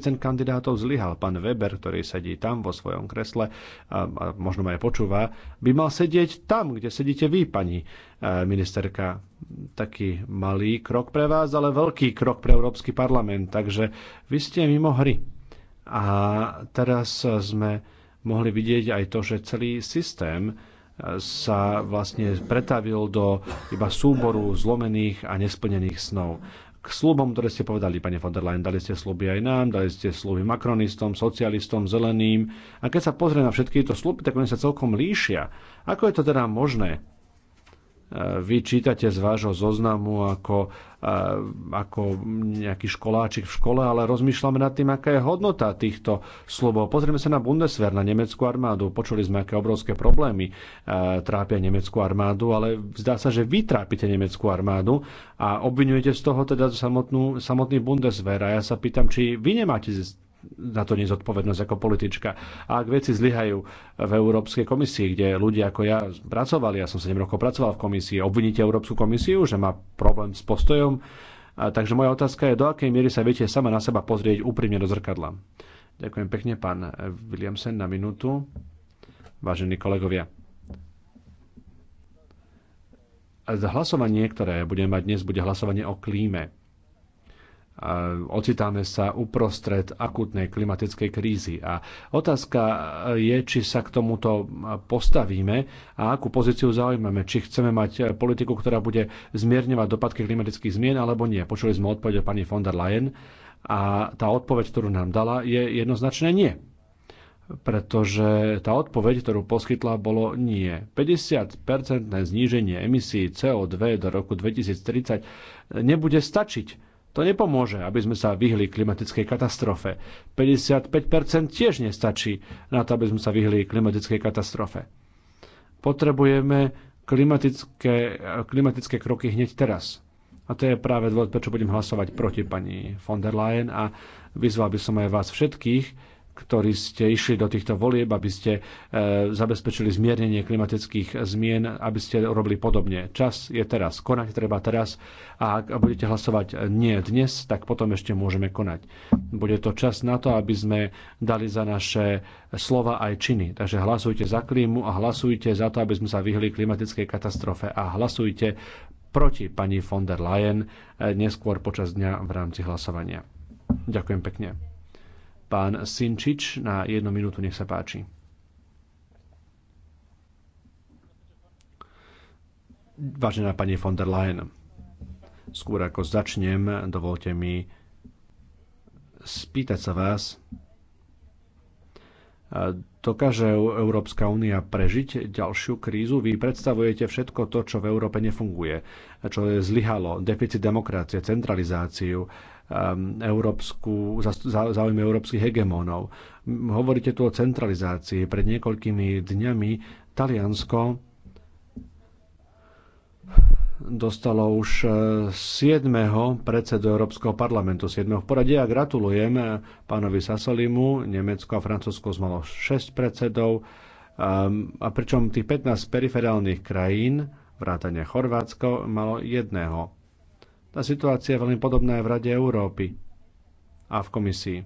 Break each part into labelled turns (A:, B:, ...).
A: kandidátov zlyhal. Pán Weber, ktorý sedí tam vo svojom kresle a, a možno ma aj počúva, by mal sedieť tam, kde sedíte vy, pani e, ministerka. Taký malý krok pre vás, ale veľký krok pre Európsky parlament. Takže vy ste mimo hry. A teraz sme mohli vidieť aj to, že celý systém e, sa vlastne pretavil do iba súboru zlomených a nesplnených snov k slubom, ktoré ste povedali, pani von der Leyen. Dali ste sluby aj nám, dali ste sluby makronistom, socialistom, zeleným. A keď sa pozrie na všetky tieto sluby, tak oni sa celkom líšia. Ako je to teda možné? E, vy čítate z vášho zoznamu ako, e, ako nejaký školáčik v škole, ale rozmýšľame nad tým, aká je hodnota týchto slubov. Pozrieme sa na Bundeswehr, na nemeckú armádu. Počuli sme, aké obrovské problémy e, trápia nemeckú armádu, ale zdá sa, že vy trápite nemeckú armádu a obvinujete z toho teda samotnú, samotný Bundeswehr. A ja sa pýtam, či vy nemáte na to nie zodpovednosť ako politička. A ak veci zlyhajú v Európskej komisii, kde ľudia ako ja pracovali, ja som 7 rokov pracoval v komisii, obviníte Európsku komisiu, že má problém s postojom. A takže moja otázka je, do akej miery sa viete sama na seba pozrieť úprimne do zrkadla. Ďakujem pekne, pán Williamsen, na minútu. Vážení kolegovia, hlasovanie, ktoré budeme mať dnes, bude hlasovanie o klíme ocitáme sa uprostred akutnej klimatickej krízy. A otázka je, či sa k tomuto postavíme a akú pozíciu zaujímame. Či chceme mať politiku, ktorá bude zmierňovať dopadky klimatických zmien, alebo nie. Počuli sme odpoveď od pani von der Leyen a tá odpoveď, ktorú nám dala, je jednoznačne nie pretože tá odpoveď, ktorú poskytla, bolo nie. 50-percentné zníženie emisí CO2 do roku 2030 nebude stačiť to nepomôže, aby sme sa vyhli klimatickej katastrofe. 55% tiež nestačí na to, aby sme sa vyhli klimatickej katastrofe. Potrebujeme klimatické, klimatické kroky hneď teraz. A to je práve dôvod, prečo budem hlasovať proti pani von der Leyen a vyzval by som aj vás všetkých, ktorí ste išli do týchto volieb, aby ste e, zabezpečili zmiernenie klimatických zmien, aby ste robili podobne. Čas je teraz, konať treba teraz a ak budete hlasovať nie dnes, tak potom ešte môžeme konať. Bude to čas na to, aby sme dali za naše slova aj činy. Takže hlasujte za klímu a hlasujte za to, aby sme sa vyhli klimatickej katastrofe a hlasujte proti pani von der Leyen e, neskôr počas dňa v rámci hlasovania. Ďakujem pekne. Pán Sinčič na jednu minútu, nech sa páči. Vážená pani von der Leyen, skôr ako začnem, dovolte mi spýtať sa vás, Dokáže Európska únia prežiť ďalšiu krízu? Vy predstavujete všetko to, čo v Európe nefunguje, čo je zlyhalo, deficit demokracie, centralizáciu, Um, európsku, záujmy európskych hegemónov. Hovoríte tu o centralizácii. Pred niekoľkými dňami Taliansko dostalo už 7. Eh, predsedu Európskeho parlamentu, 7. v poradí a gratulujem eh, pánovi Sasolimu. Nemecko a Francúzsko malo 6 predsedov um, a pričom tých 15 periferálnych krajín vrátane Chorvátsko malo jedného tá situácia je veľmi podobná aj v Rade Európy a v komisii.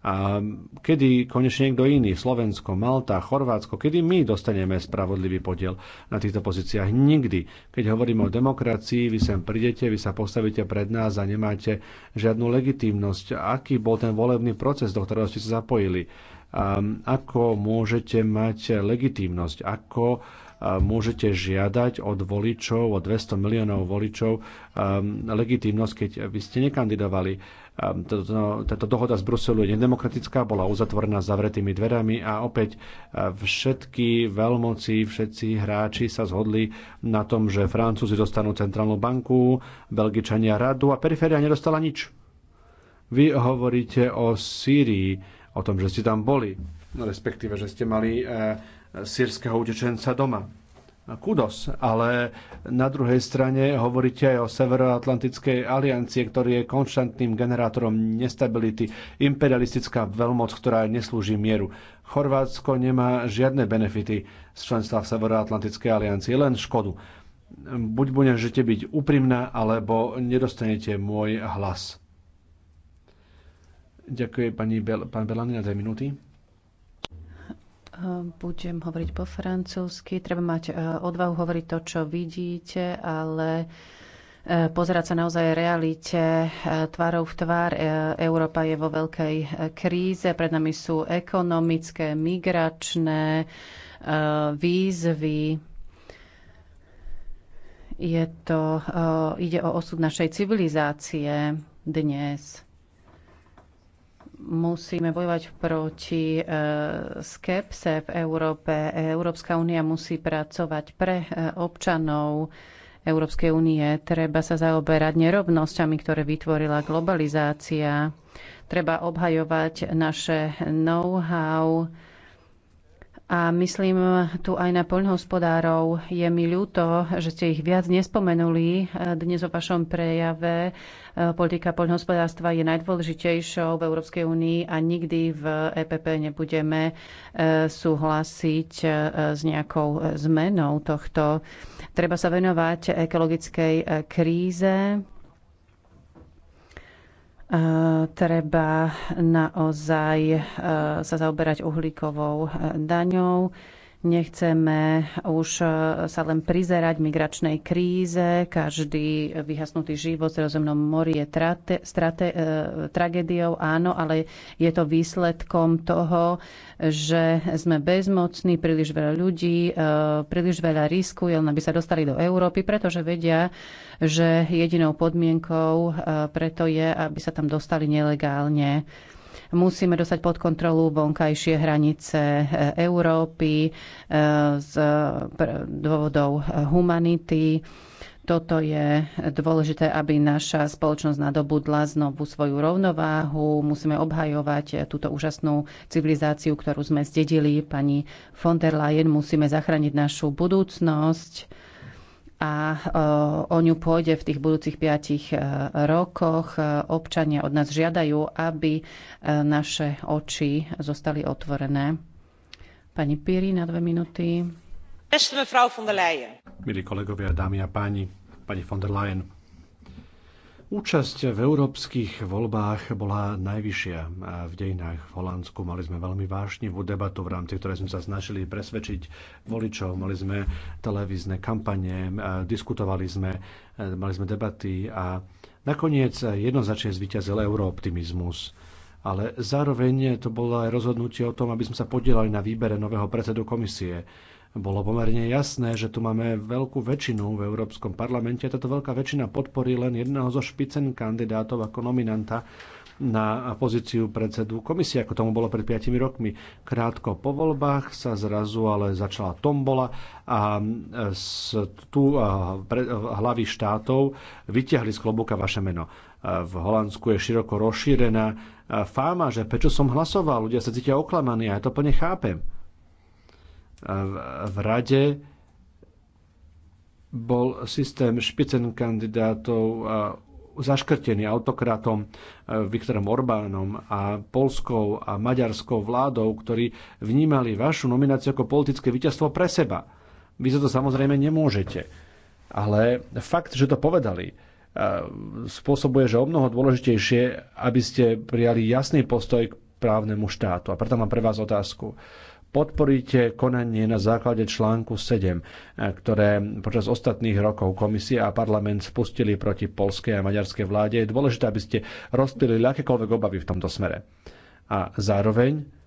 A: A kedy konečne niekto iný, Slovensko, Malta, Chorvátsko, kedy my dostaneme spravodlivý podiel na týchto pozíciách? Nikdy. Keď hovoríme o demokracii, vy sem prídete, vy sa postavíte pred nás a nemáte žiadnu legitímnosť. Aký bol ten volebný proces, do ktorého ste sa zapojili? A ako môžete mať legitímnosť? Ako môžete žiadať od voličov, od 200 miliónov voličov um, legitimnosť, keď by ste nekandidovali. Um, no, táto dohoda z Bruselu je nedemokratická, bola uzatvorená zavretými dverami a opäť uh, všetky veľmoci, všetci hráči sa zhodli na tom, že Francúzi dostanú centrálnu banku, Belgičania radu a periféria nedostala nič. Vy hovoríte o Sýrii, o tom, že ste tam boli, no, respektíve, že ste mali e, eh, sírskeho utečenca doma kudos, ale na druhej strane hovoríte aj o Severoatlantickej aliancie, ktorý je konštantným generátorom nestability, imperialistická veľmoc, ktorá neslúži mieru. Chorvátsko nemá žiadne benefity z členstva v Severoatlantickej aliancie, len škodu. Buď budete byť úprimná, alebo nedostanete môj hlas. Ďakujem pani Bel- pán Belani na dve minúty
B: budem hovoriť po francúzsky. Treba mať e, odvahu hovoriť to, čo vidíte, ale e, pozerať sa naozaj realite e, tvárov v tvár. Európa je vo veľkej kríze, pred nami sú ekonomické, migračné výzvy. Je to, ide o osud našej civilizácie dnes musíme bojovať proti e, skepse v Európe. Európska únia musí pracovať pre e, občanov Európskej únie. Treba sa zaoberať nerovnosťami, ktoré vytvorila globalizácia. Treba obhajovať naše know-how a myslím tu aj na poľnohospodárov. Je mi ľúto, že ste ich viac nespomenuli e, dnes o vašom prejave. E, politika poľnohospodárstva je najdôležitejšou v Európskej únii a nikdy v EPP nebudeme e, súhlasiť s nejakou zmenou tohto. Treba sa venovať ekologickej kríze Eh, treba naozaj eh, sa zaoberať uhlíkovou eh, daňou Nechceme už e, sa len prizerať migračnej kríze. Každý vyhasnutý život v Zrozemnom mori je trate, strate, e, tragédiou, áno, ale je to výsledkom toho, že sme bezmocní, príliš veľa ľudí, e, príliš veľa riskuje, len aby sa dostali do Európy, pretože vedia, že jedinou podmienkou e, preto je, aby sa tam dostali nelegálne. Musíme dostať pod kontrolu vonkajšie hranice eh, Európy eh, z dôvodov eh, humanity. Toto je dôležité, aby naša spoločnosť nadobudla znovu svoju rovnováhu. Musíme obhajovať túto úžasnú civilizáciu, ktorú sme zdedili. Pani von der Leyen, musíme zachrániť našu budúcnosť a o ňu pôjde v tých budúcich piatich e, rokoch. E, občania od nás žiadajú, aby e, naše oči zostali otvorené. Pani Piri na dve minúty.
A: Milí kolegovia, dámy a páni, pani von der Leyen, Účasť v európskych voľbách bola najvyššia v dejinách v Holandsku. Mali sme veľmi vášnivú debatu, v rámci ktorej sme sa snažili presvedčiť voličov. Mali sme televízne kampane, diskutovali sme, mali sme debaty a nakoniec jednoznačne zvíťazil eurooptimizmus ale zároveň to bolo aj rozhodnutie o tom, aby sme sa podielali na výbere nového predsedu komisie bolo pomerne jasné, že tu máme veľkú väčšinu v Európskom parlamente. Táto veľká väčšina podporí len jedného zo špicen kandidátov ako nominanta na pozíciu predsedu komisie, ako tomu bolo pred 5 rokmi. Krátko po voľbách sa zrazu ale začala tombola a tu hlavy štátov vyťahli z klobúka vaše meno. V Holandsku je široko rozšírená fáma, že prečo som hlasoval, ľudia sa cítia oklamaní a ja to plne chápem v rade bol systém špicen kandidátov zaškrtený autokratom e, Viktorom Orbánom a polskou a maďarskou vládou, ktorí vnímali vašu nomináciu ako politické víťazstvo pre seba. Vy za to samozrejme nemôžete. Ale fakt, že to povedali, e, spôsobuje, že o mnoho dôležitejšie, aby ste prijali jasný postoj k právnemu štátu. A preto mám pre vás otázku podporíte konanie na základe článku 7, eh, ktoré počas ostatných rokov komisia a parlament spustili proti polskej a maďarskej vláde. Je dôležité, aby ste rozptýlili akékoľvek obavy v tomto smere. A zároveň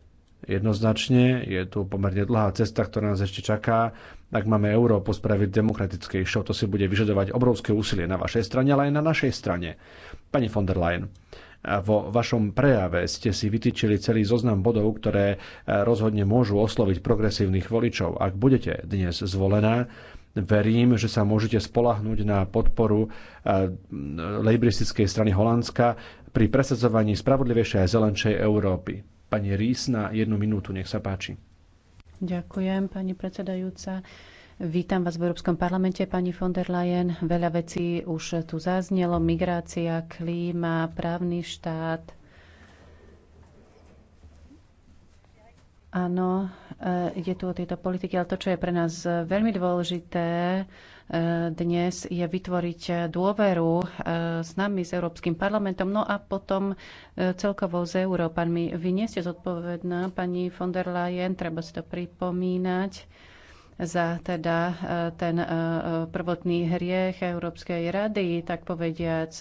A: Jednoznačne je tu pomerne dlhá cesta, ktorá nás ešte čaká. Ak máme Európu spraviť demokratickejšou, to si bude vyžadovať obrovské úsilie na vašej strane, ale aj na našej strane. Pani von der Leyen, vo vašom prejave ste si vytýčili celý zoznam bodov, ktoré e, rozhodne môžu osloviť progresívnych voličov. Ak budete dnes zvolená, verím, že sa môžete spolahnúť na podporu e, lejbristickej strany Holandska pri presadzovaní spravodlivejšej a zelenšej Európy. Pani Rís na jednu minútu, nech sa páči.
B: Ďakujem, pani predsedajúca. Vítam vás v Európskom parlamente, pani von der Leyen. Veľa vecí už tu zaznelo. Migrácia, klíma, právny štát. Áno, e, je tu o tejto politiky, ale to, čo je pre nás veľmi dôležité e, dnes, je vytvoriť dôveru e, s nami, s Európskym parlamentom, no a potom celkovo s Európanmi. Vy nie ste zodpovedná, pani von der Leyen, treba si to pripomínať za teda e, ten e, e, prvotný hriech Európskej rady, tak povediac.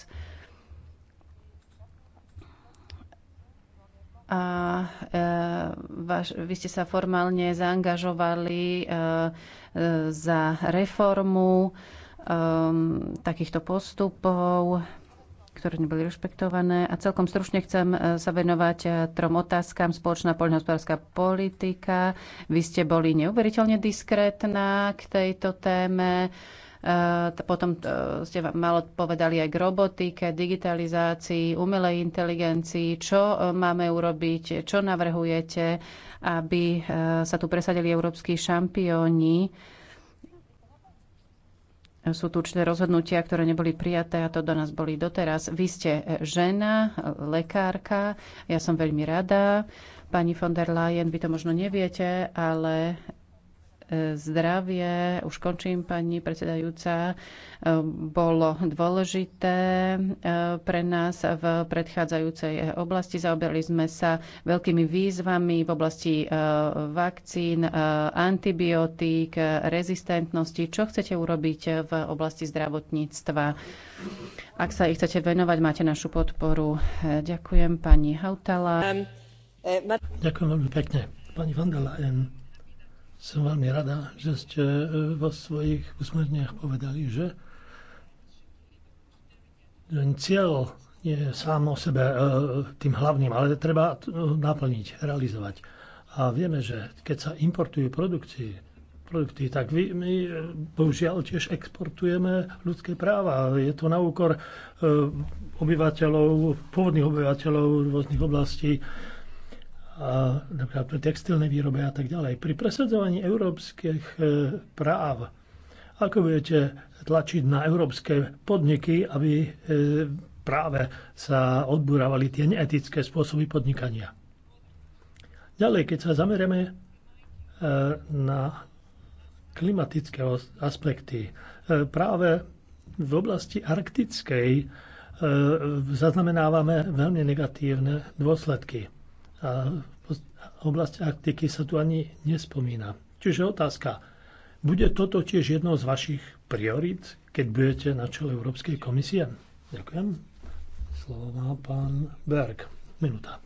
B: A vaš, vy ste sa formálne zaangažovali za reformu takýchto postupov ktoré neboli rešpektované. A celkom stručne chcem e, sa venovať e, trom otázkam. Spoločná poľnohospodárska politika. Vy ste boli neuveriteľne diskrétna k tejto téme. E, potom ste malo povedali aj k robotike, digitalizácii, umelej inteligencii, čo máme urobiť, čo navrhujete, aby sa tu presadili európsky šampióni sú tu určité rozhodnutia, ktoré neboli prijaté a to do nás boli doteraz. Vy ste žena, lekárka, ja som veľmi rada. Pani von der Leyen, vy to možno neviete, ale zdravie, už končím pani predsedajúca, bolo dôležité e, pre nás v predchádzajúcej oblasti. Zaoberali sme sa veľkými výzvami v oblasti e, vakcín, e, antibiotík, rezistentnosti. Čo chcete urobiť v oblasti zdravotníctva? Ak sa ich chcete venovať, máte našu podporu. Ďakujem pani Hautala. Ďakujem veľmi pekne.
C: Pani Vandala, som veľmi rada, že ste e, vo svojich usmerniach povedali, že ten cieľ nie je sám o sebe e, tým hlavným, ale treba no, naplniť, realizovať. A vieme, že keď sa importujú produkcie, produkty, tak my, my e, bohužiaľ tiež exportujeme ľudské práva. Je to na úkor obyvateľov, pôvodných obyvateľov rôznych oblastí a napríklad pri textilnej výrobe a tak ďalej. Pri presadzovaní európskych e, práv, ako budete tlačiť na európske podniky, aby e, práve sa odburávali tie neetické spôsoby podnikania. Ďalej, keď sa zamerieme e, na klimatické aspekty, práve v oblasti arktickej zaznamenávame veľmi negatívne dôsledky. A oblasť Arktiky sa tu ani nespomína. Čiže otázka, bude toto tiež jednou z vašich priorit, keď budete na čele Európskej komisie? Ďakujem. Slovo má pán Berg. Minúta.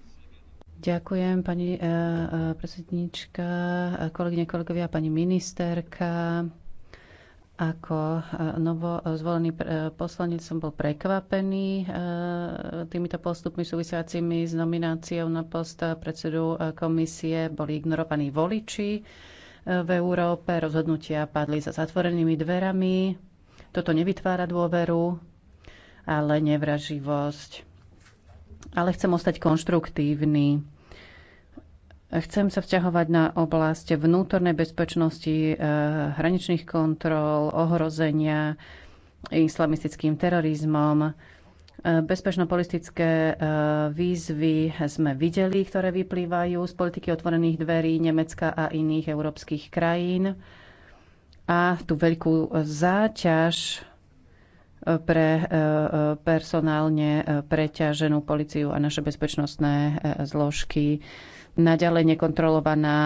B: Ďakujem, pani eh, eh, predsednička, eh, kolegyne, kolegovia, pani ministerka. Ako e, novo e, zvolený e, poslanec som bol prekvapený týmito postupmi súvisiacimi s nomináciou na post predsedu komisie. Boli ignorovaní voliči v Európe, rozhodnutia padli za zatvorenými dverami. Toto nevytvára dôveru, ale nevraživosť. Ale chcem ostať konštruktívny Chcem sa vzťahovať na oblasť vnútornej bezpečnosti, eh, hraničných kontrol, ohrozenia islamistickým terorizmom. Eh, bezpečno-politické eh, výzvy sme videli, ktoré vyplývajú z politiky otvorených dverí Nemecka a iných európskych krajín. A tú veľkú záťaž pre personálne preťaženú policiu a naše bezpečnostné zložky Naďalej nekontrolovaná,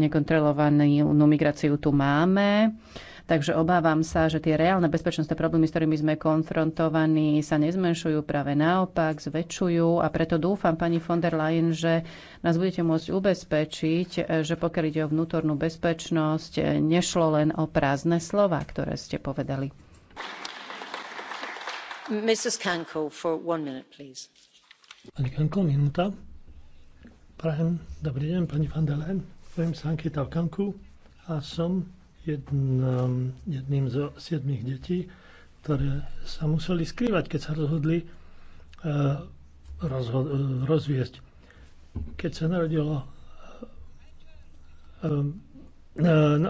B: nekontrolovanú migráciu tu máme. Takže obávam sa, že tie reálne bezpečnostné problémy, s ktorými sme konfrontovaní, sa nezmenšujú, práve naopak zväčšujú a preto dúfam, pani von der Leyen, že nás budete môcť ubezpečiť, že pokiaľ ide o vnútornú bezpečnosť, nešlo len o prázdne slova, ktoré ste povedali.
D: Mrs. Kanko, for one minute, please.
B: Pani Kanko,
C: minúta. Prajem, dobrý deň, pani van der Leyen. sa Ankita v Kanku a som jedným, jedným zo siedmých detí, ktoré sa museli skrývať, keď sa rozhodli uh, e, rozhod- rozviesť. Keď sa narodilo e, e, na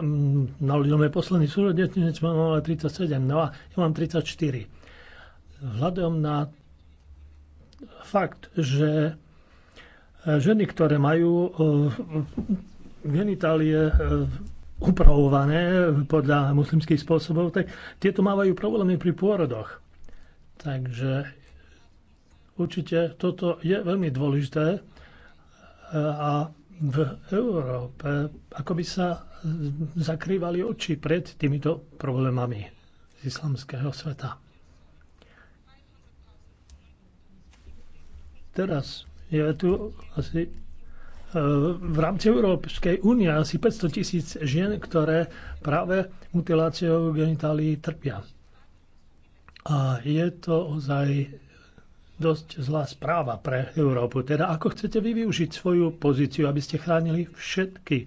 C: narodil môj posledný súrodenec, mám ale 37, no a ja mám 34. Vzhľadom na fakt, že ženy, ktoré majú eh, genitálie eh, upravované podľa muslimských spôsobov, tak tieto mávajú problémy pri pôrodoch. Takže určite toto je veľmi dôležité eh, a v Európe ako by sa zakrývali oči pred týmito problémami z islamského sveta. Teraz je tu asi e, v rámci Európskej únie asi 500 tisíc žien, ktoré práve mutiláciou genitálií trpia. A je to ozaj dosť zlá správa pre Európu. Teda ako chcete vy využiť svoju pozíciu, aby ste chránili všetky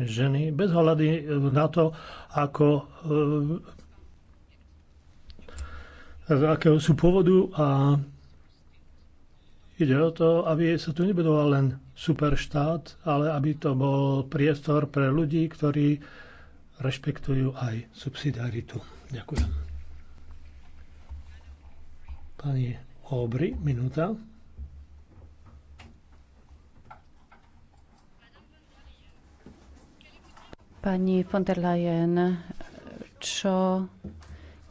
C: ženy, bez hľady na to, ako e, z akého sú pôvodu a Ide o to, aby sa tu nebudoval len superštát, ale aby to bol priestor pre ľudí, ktorí rešpektujú aj subsidiaritu. Ďakujem. Pani Obry, minúta.
B: Pani von der Leyen, čo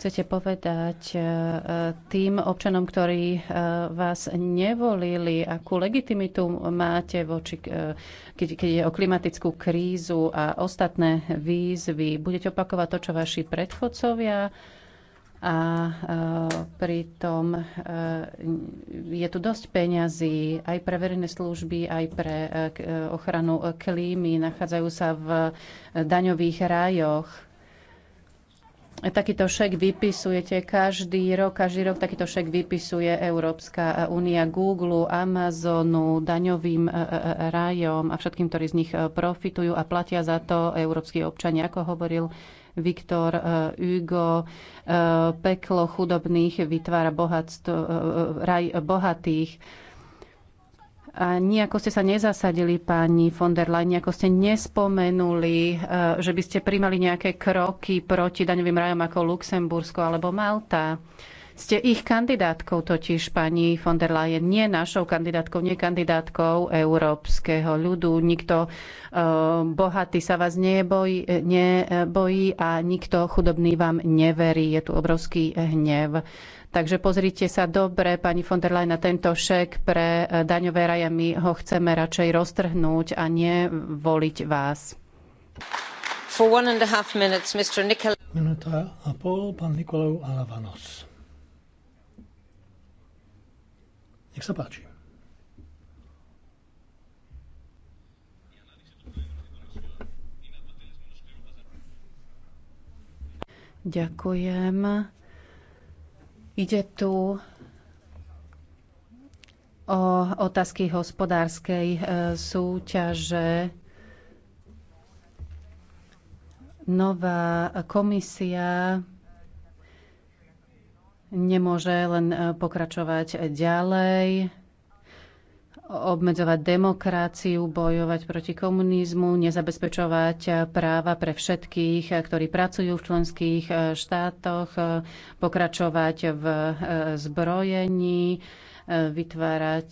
B: chcete povedať e, e, tým občanom, ktorí e, vás nevolili, akú legitimitu máte voči, keď, keď je o klimatickú krízu a ostatné výzvy? Budete opakovať to, čo vaši predchodcovia a pritom je tu dosť peňazí aj pre verejné služby, aj pre ochranu klímy. Nachádzajú sa v daňových rájoch. Takýto šek vypisujete každý rok, každý rok takýto šek vypisuje Európska únia Google, Amazonu, daňovým e, e, e, rajom a všetkým, ktorí z nich profitujú a platia za to európsky občania, ako hovoril Viktor Hugo. Peklo chudobných vytvára bohatstvo, raj bohatých. A nejako ste sa nezasadili, pani von der Leyen, nejako ste nespomenuli, e, že by ste primali nejaké kroky proti daňovým rajom ako Luxembursko alebo Malta. Ste ich kandidátkou totiž, pani von der Leyen, nie našou kandidátkou, nie kandidátkou európskeho ľudu. Nikto e, bohatý sa vás nebojí, nebojí a nikto chudobný vám neverí. Je tu obrovský hnev. Takže pozrite sa dobre, pani von der Leyen, na tento šek pre e, daňové raje. My ho chceme radšej roztrhnúť a nie voliť vás.
D: For one and a half minutes, Mr.
B: Minúta a pol, pán Nikolov
D: Alavanos.
C: Nech sa páči.
B: Ďakujem. Ide tu o otázky hospodárskej e, súťaže. Nová komisia nemôže len e, pokračovať ďalej, obmedzovať demokraciu, bojovať proti komunizmu, nezabezpečovať e, práva pre všetkých, e, ktorí pracujú v členských štátoch, pokračovať v zbrojení, vytvárať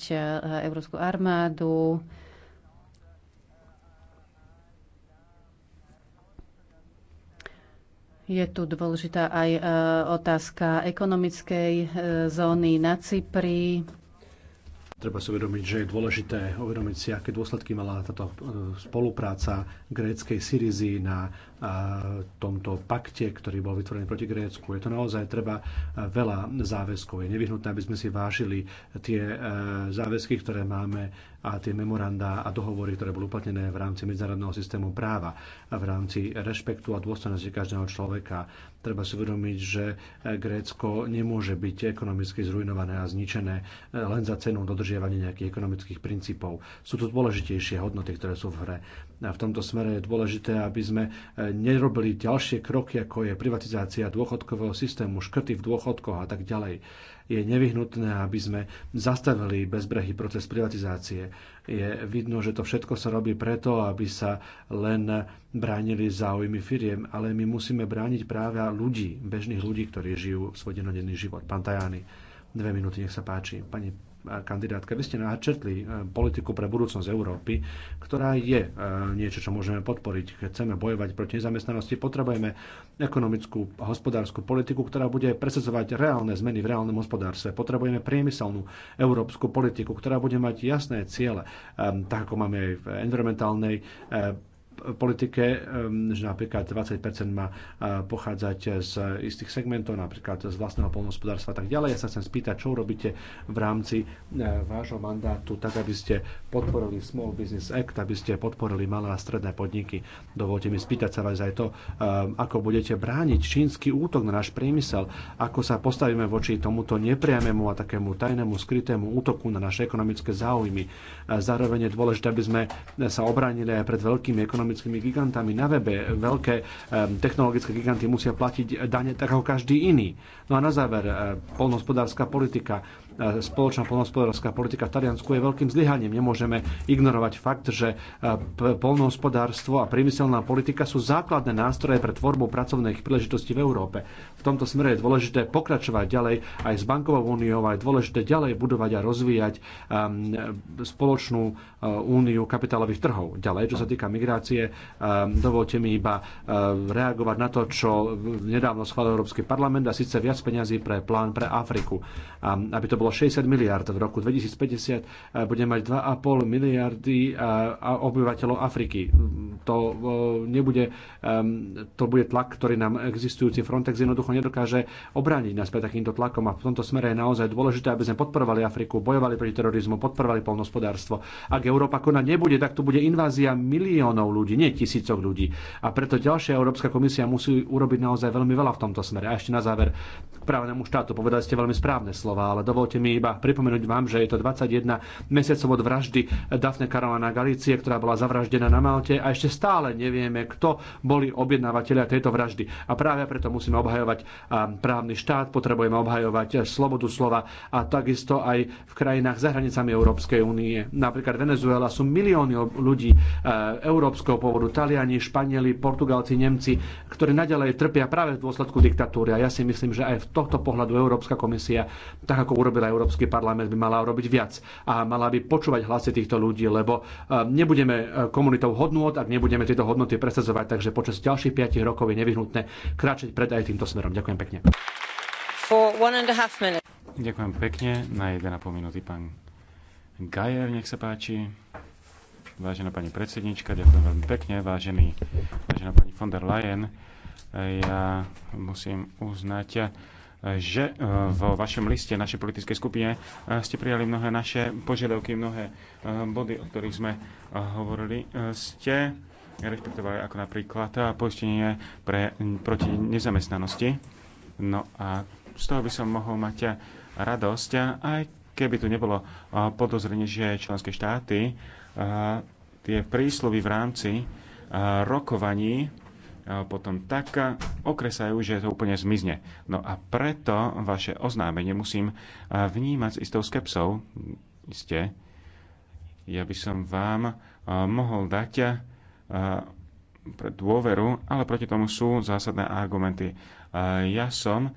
B: európsku armádu, Je tu dôležitá aj e, otázka ekonomickej e, zóny na Cypri.
A: Treba si uvedomiť, že je dôležité uvedomiť si, aké dôsledky mala táto e, spolupráca gréckej Syrizy na e, tomto pakte, ktorý bol vytvorený proti Grécku. Je to naozaj treba e, veľa záväzkov. Je nevyhnutné, aby sme si vážili tie záväzky, ktoré máme a tie memorandá a dohovory, ktoré boli uplatnené v rámci medzinárodného systému práva, v rámci rešpektu a dôstojnosti každého človeka. Treba si uvedomiť, že e, Grécko nemôže byť ekonomicky zrujnované a zničené e, len za cenu dodržiavania nejakých ekonomických princípov. Sú tu dôležitejšie hodnoty, ktoré sú v hre. A v tomto smere je dôležité, aby sme e, nerobili ďalšie kroky, ako je privatizácia dôchodkového systému, škrty v dôchodkoch a tak ďalej je nevyhnutné, aby sme zastavili bezbrehý proces privatizácie. Je vidno, že to všetko sa robí preto, aby sa len bránili záujmy firiem, ale my musíme brániť práve ľudí, bežných ľudí, ktorí žijú svoj denodenný život. Pán Tajány, dve minúty, nech sa páči. Pani kandidátke, vy ste načrtli e, politiku pre budúcnosť Európy, ktorá je e, niečo, čo môžeme podporiť. Keď chceme bojovať proti nezamestnanosti, potrebujeme ekonomickú a hospodárskú politiku, ktorá bude presadzovať reálne zmeny v reálnom hospodárstve. Potrebujeme priemyselnú európsku politiku, ktorá bude mať jasné ciele, e, tak ako máme aj v environmentálnej politike, ehm, že napríklad 20% má eh, pochádzať z istých segmentov, napríklad z vlastného polnohospodárstva a tak ďalej. Ja sa chcem spýtať, čo robíte v rámci eh, vášho mandátu, tak aby ste podporili Small Business Act, aby ste podporili malé a stredné podniky. Dovolte mi spýtať sa vás aj to, ehm, ako budete brániť čínsky útok na náš priemysel, ako sa postavíme voči tomuto nepriamému a takému tajnému skrytému útoku na naše ekonomické záujmy. Zároveň je dôležité, aby sme eh, sa obránili aj pred veľkými ekonomickými ekonomickými gigantami na webe. Veľké technologické giganty musia platiť dane tak ako každý iný. No a na záver, polnohospodárska politika spoločná polnohospodárska politika v Taliansku je veľkým zlyhaním. Nemôžeme ignorovať fakt, že e, polnohospodárstvo a priemyselná politika sú základné nástroje pre tvorbu pracovných príležitostí v Európe. V tomto smere je dôležité pokračovať ďalej aj s bankovou úniou, aj dôležité ďalej budovať a rozvíjať ehm, spoločnú e, úniu kapitálových trhov. Ďalej, čo sa týka migrácie, ehm, dovolte mi iba e, reagovať na to, čo nedávno schválil Európsky parlament a síce viac peňazí pre plán pre Afriku, ehm, aby to bolo bolo 60 miliard. V roku 2050 eh, bude mať 2,5 miliardy eh, obyvateľov Afriky. To eh, nebude, ehm, to bude tlak, ktorý nám existujúci Frontex jednoducho nedokáže obrániť nás pred takýmto tlakom a v tomto smere je naozaj dôležité, aby sme podporovali Afriku, bojovali proti terorizmu, podporovali polnospodárstvo. Ak Európa konať nebude, tak to bude invázia miliónov ľudí, nie tisícok ľudí. A preto ďalšia Európska komisia musí urobiť naozaj veľmi veľa v tomto smere. A ešte na záver k právnemu štátu. Povedali ste veľmi správne slova, ale dovolte Dovolte mi iba pripomenúť vám, že je to 21 mesiacov od vraždy Dafne Karolana Galície, ktorá bola zavraždená na Malte a ešte stále nevieme, kto boli objednávateľia tejto vraždy. A práve preto musíme obhajovať právny štát, potrebujeme obhajovať slobodu slova a takisto aj v krajinách za hranicami Európskej únie. Napríklad Venezuela sú milióny ľudí e, európskeho pôvodu, Taliani, Španieli, Portugalci, Nemci, ktorí nadalej trpia práve v dôsledku diktatúry. A ja si myslím, že aj v tohto pohľadu Európska komisia, tak ako urobila teda Európsky parlament by mala robiť viac a mala by počúvať hlasy týchto ľudí, lebo e, nebudeme e, komunitou hodnôt, ak nebudeme tieto hodnoty presadzovať, takže počas ďalších 5 rokov je nevyhnutné kráčať pred aj týmto smerom. Ďakujem pekne.
E: Ďakujem pekne. Na 1,5 minúty pán Gajer, nech sa páči. Vážená pani predsednička, ďakujem veľmi pekne. Vážený, vážená pani von der Leyen, ja musím uznať, že e, vo vašom liste našej politickej skupine e, ste prijali mnohé naše požiadavky, mnohé e, body, o ktorých sme hovorili. Ste rešpektovali ako napríklad poistenie pre, proti nezamestnanosti. No a z toho by som mohol mať radosť, aj keby tu nebolo podozrenie, že členské štáty tie prísluvy v rámci rokovaní potom tak okresajú, že to úplne zmizne. No a preto vaše oznámenie musím e, vnímať s istou skepsou. Isté. Ja by som vám e, mohol dať e, pre dôveru, ale proti tomu sú zásadné argumenty. Ja som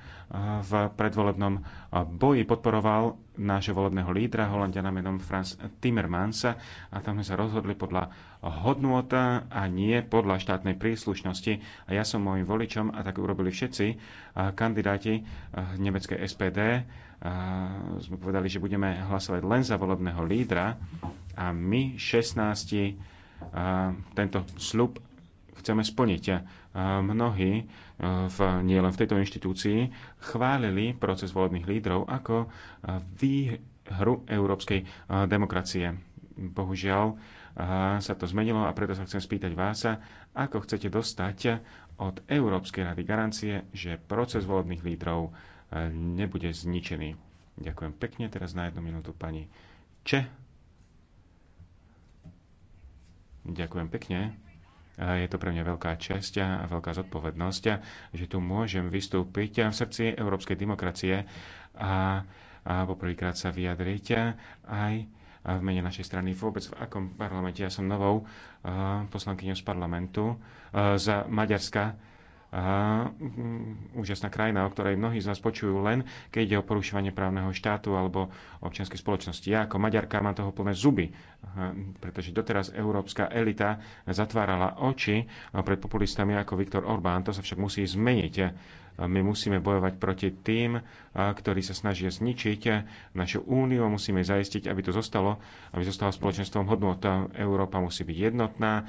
E: v predvolebnom boji podporoval nášho volebného lídra, holandiana menom Franz Timmermansa a tam sme sa rozhodli podľa hodnota a nie podľa štátnej príslušnosti. A ja som môjim voličom a tak urobili všetci kandidáti nemeckej SPD. Sme povedali, že budeme hlasovať len za volebného lídra a my 16 tento slub chceme splniť. Mnohí e, v, nie len v tejto inštitúcii chválili proces volebných lídrov ako e, výhru európskej e, demokracie. Bohužiaľ sa to zmenilo a preto sa chcem spýtať vás, ako chcete dostať od Európskej rady garancie, že proces volebných lídrov nebude zničený. Ďakujem pekne. Teraz na jednu minútu pani Če. Ďakujem pekne. Je to pre mňa veľká česť a veľká zodpovednosť, že tu môžem vystúpiť v srdci európskej demokracie a, a poprvýkrát sa vyjadriť aj v mene našej strany vôbec v akom parlamente. Ja som novou poslankyňou z parlamentu za Maďarska a, mm, úžasná krajina, o ktorej mnohí z nás počujú len, keď ide o porušovanie právneho štátu alebo občianskej spoločnosti. Ja ako Maďarka mám toho plné zuby, pretože doteraz európska elita zatvárala oči pred populistami ako Viktor Orbán. To sa však musí zmeniť my musíme bojovať proti tým, ktorí sa snažia zničiť našu úniu. Musíme zaistiť, aby to zostalo, aby zostalo spoločenstvom hodnot. Európa musí byť jednotná,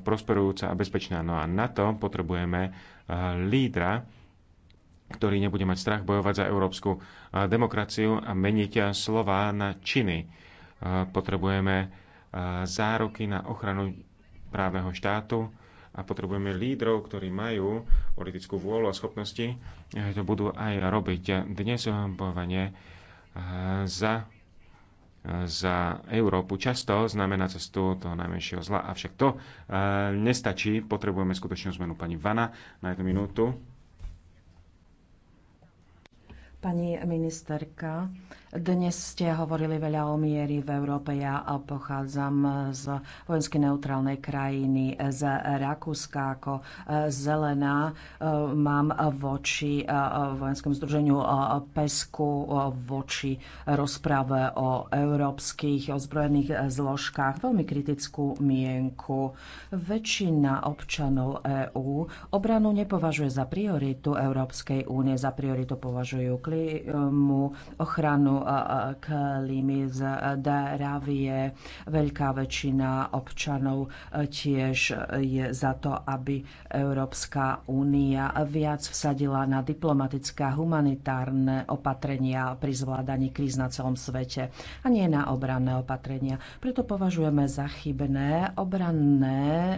E: prosperujúca a bezpečná. No a na to potrebujeme lídra, ktorý nebude mať strach bojovať za európsku demokraciu a meniť slova na činy. Potrebujeme záruky na ochranu právneho štátu, a potrebujeme lídrov, ktorí majú politickú vôľu a schopnosti, eh, to budú aj robiť. Dnes bojovanie eh, za, eh, za Európu často znamená cestu toho najmenšieho zla, avšak to nestačí. Potrebujeme skutočnú zmenu. Pani Vana, na jednu minútu.
D: Pani ministerka, dnes ste hovorili veľa o miery v Európe. Ja pochádzam z vojensky neutrálnej krajiny, z Rakúska ako e, zelená. E, mám voči e, vojenskom združeniu PESKu, voči rozprave o európskych ozbrojených zložkách veľmi kritickú mienku. Väčšina občanov EÚ obranu nepovažuje za prioritu Európskej únie, za prioritu považujú klímu, ochranu klímy, z Veľká väčšina občanov e, tiež e, je za to, aby Európska únia viac vsadila na diplomatické a humanitárne opatrenia pri zvládaní kríz na celom svete a nie na obranné opatrenia. Preto považujeme za chybné obranné e,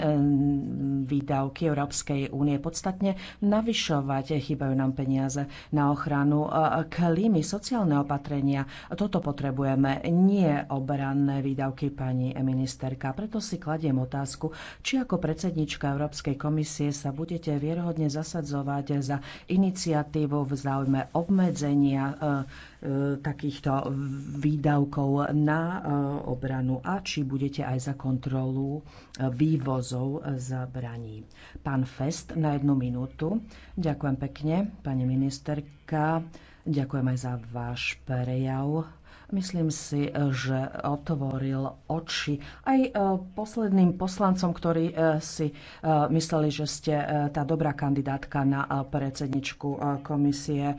D: výdavky Európskej únie podstatne navyšovať. Chýbajú nám peniaze na ochranu klímy, sociálne opatrenia vzdelávania. Toto potrebujeme, nie obranné výdavky pani ministerka. Preto si kladiem otázku, či ako predsednička Európskej komisie sa budete vierhodne zasadzovať za iniciatívu v záujme obmedzenia e, e, takýchto výdavkov na e, obranu a či budete aj za kontrolu vývozov z braní. Pán Fest na jednu minútu. Ďakujem pekne, pani ministerka. Ďakujem aj za váš prejav. Myslím si, e, že otvoril oči aj e, posledným poslancom, ktorí e, si mysleli, že ste tá dobrá kandidátka na predsedničku komisie.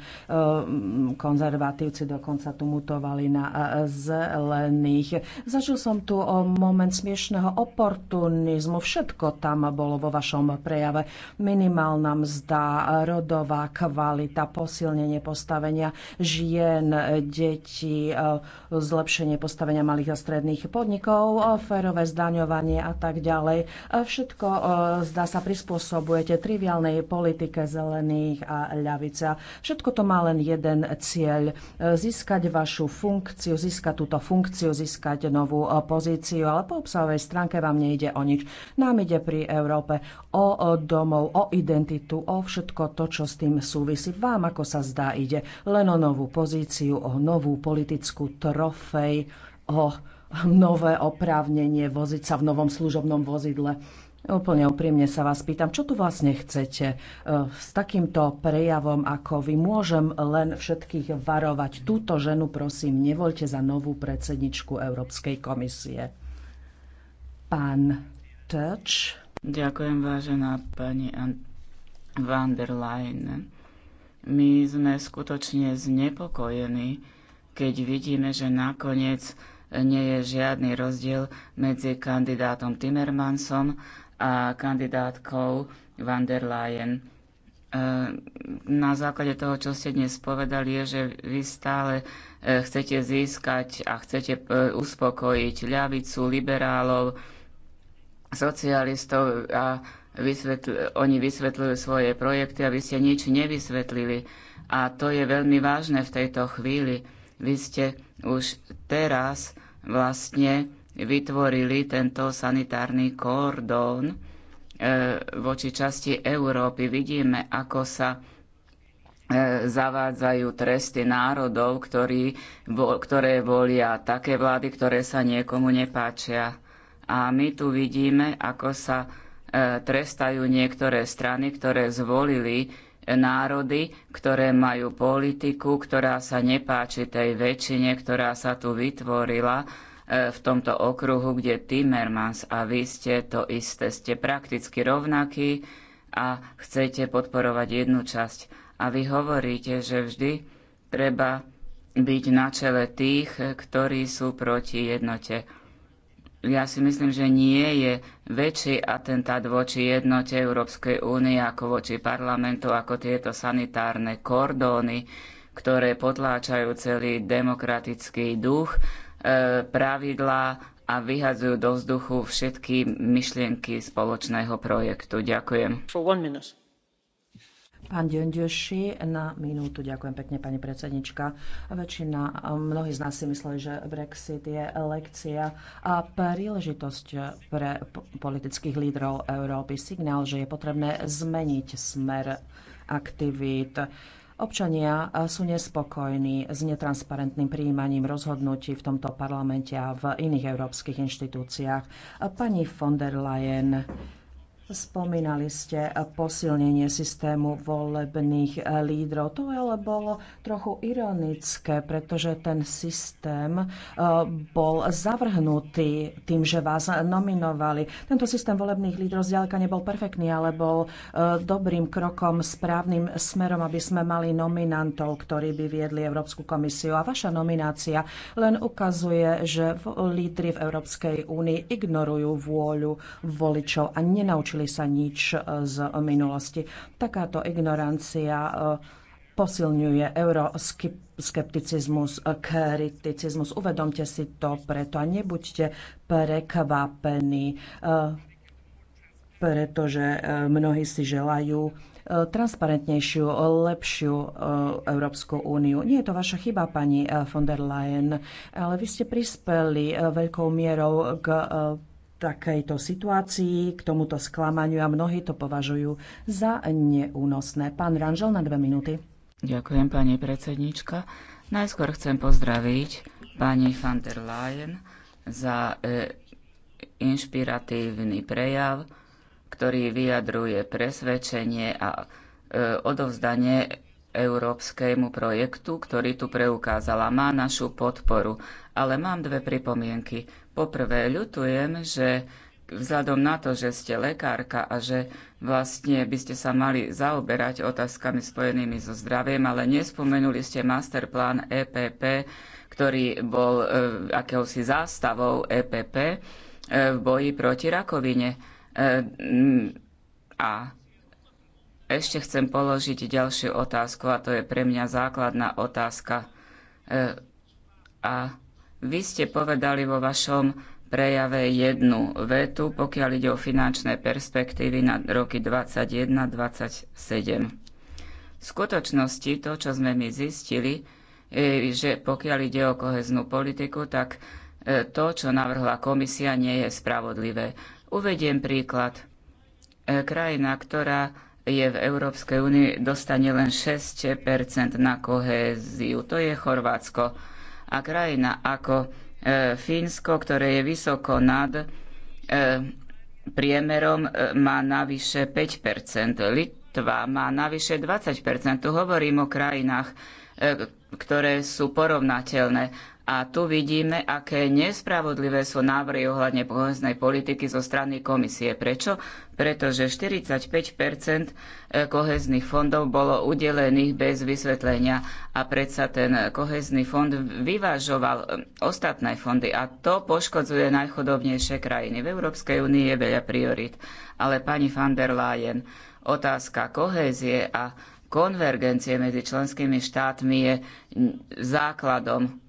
D: Konzervatívci dokonca tu mutovali na zelených. Zažil som tu moment smiešného oportunizmu. Všetko tam bolo vo vašom prejave. Minimálna mzda, rodová kvalita, posilnenie postavenia žien, detí, zlepšenie postavenia malých a stredných podnikov, férové zdaňovanie a tak ďalej. Všetko e, zdá sa prispôsobujete triviálnej politike zelených a ľavica. Všetko to má len jeden cieľ. E, získať vašu funkciu, získať túto funkciu, získať novú e, pozíciu, ale po obsahovej stránke vám nejde o nič. Nám ide pri Európe o domov, o identitu, o všetko to, čo s tým súvisí. Vám, ako sa zdá, ide len o novú pozíciu, o novú politickú trofej o nové oprávnenie voziť sa v novom služobnom vozidle. Úplne úprimne sa vás pýtam, čo tu vlastne chcete? E, s takýmto prejavom, ako vy môžem len všetkých varovať. Túto ženu, prosím, nevoľte za novú predsedničku Európskej komisie.
F: Pán Teč. Ďakujem, vážená pani van der Leyen. My sme skutočne znepokojení keď vidíme, že nakoniec nie je žiadny rozdiel medzi kandidátom Timmermansom a kandidátkou van der Leyen. E, na základe toho, čo ste dnes povedali, je, že vy stále e, chcete získať a chcete e, uspokojiť ľavicu, liberálov, socialistov a vysvetl- oni vysvetľujú svoje projekty aby ste nič nevysvetlili. A to je veľmi vážne v tejto chvíli vy ste už teraz vlastne vytvorili tento sanitárny kordón e, voči časti Európy. Vidíme, ako sa e, zavádzajú tresty národov, ktorí, ktoré volia také vlády, ktoré sa niekomu nepáčia. A my tu vidíme, ako sa e, trestajú niektoré strany, ktoré zvolili národy, ktoré majú politiku, ktorá sa nepáči tej väčšine, ktorá sa tu vytvorila e, v tomto okruhu, kde Timmermans a vy ste to isté, ste prakticky rovnakí a chcete podporovať jednu časť. A vy hovoríte, že vždy treba byť na čele tých, ktorí sú proti jednote. Ja si myslím, že nie je väčší atentát voči jednote Európskej únie ako voči parlamentu, ako tieto sanitárne kordóny, ktoré potláčajú celý demokratický duch, e, pravidlá a vyhadzujú do vzduchu všetky myšlienky spoločného projektu. Ďakujem.
D: Pán Ďonďoši, na minútu. Ďakujem pekne, pani predsednička. Väčšina, mnohí z nás si mysleli, že Brexit je lekcia a príležitosť pre politických lídrov Európy. Signál, že je potrebné zmeniť smer aktivít. Občania sú nespokojní s netransparentným príjmaním rozhodnutí v tomto parlamente a v iných európskych inštitúciách. Pani von der Leyen, Spomínali ste posilnenie systému volebných lídrov. To ale bolo trochu ironické, pretože ten systém e, bol zavrhnutý tým, že vás nominovali. Tento systém volebných lídrov zďaleka nebol perfektný, ale bol e, dobrým krokom, správnym smerom, aby sme mali nominantov, ktorí by viedli Európsku komisiu. A vaša nominácia len ukazuje, že lídry v Európskej únii ignorujú vôľu voličov a nenaučili nenaučili sa nič e, z minulosti. Takáto ignorancia e, posilňuje euroskepticizmus, e, kriticizmus. Uvedomte si to preto a nebuďte prekvapení, pretože mnohí si želajú transparentnejšiu, lepšiu Európsku úniu. Nie je to vaša chyba, pani von der Leyen, ale vy ste prispeli veľkou mierou k takejto situácii, k tomuto sklamaniu a mnohí to považujú za neúnosné. Pán Ranžel na dve minúty. Ďakujem,
F: pani predsednička. Najskôr chcem pozdraviť pani van der Leyen za e, inšpiratívny prejav, ktorý vyjadruje presvedčenie a e, odovzdanie európskemu projektu, ktorý tu preukázala. Má našu podporu, ale mám dve pripomienky. Poprvé, ľutujem, že vzhľadom na to, že ste lekárka a že vlastne by ste sa mali zaoberať otázkami spojenými so zdravím, ale nespomenuli ste masterplán EPP, ktorý bol e, akéhosi zástavou EPP e, v boji proti rakovine. E, a ešte chcem položiť ďalšiu otázku, a to je pre mňa základná otázka. E, a vy ste povedali vo vašom prejave jednu vetu, pokiaľ ide o finančné perspektívy na roky 2021-2027. V skutočnosti to, čo sme my zistili, je, že pokiaľ ide o koheznú politiku, tak e, to, čo navrhla komisia, nie je spravodlivé. Uvediem príklad. E, krajina, ktorá je v Európskej únii, dostane len 6 na kohéziu. To je Chorvátsko a krajina ako e, Fínsko, ktoré je vysoko nad e, priemerom, e, má navyše 5 Litva má navyše 20 Tu hovorím o krajinách, e, ktoré sú porovnateľné. A tu vidíme, aké nespravodlivé sú návrhy ohľadne koheznej politiky zo strany komisie. Prečo? Pretože 45 e, kohezných fondov bolo udelených bez vysvetlenia a predsa ten kohezný fond vyvážoval e, ostatné fondy a to poškodzuje najchodobnejšie krajiny. V Európskej únii je veľa priorít. Ale pani van der Leyen, otázka kohézie a konvergencie medzi členskými štátmi je základom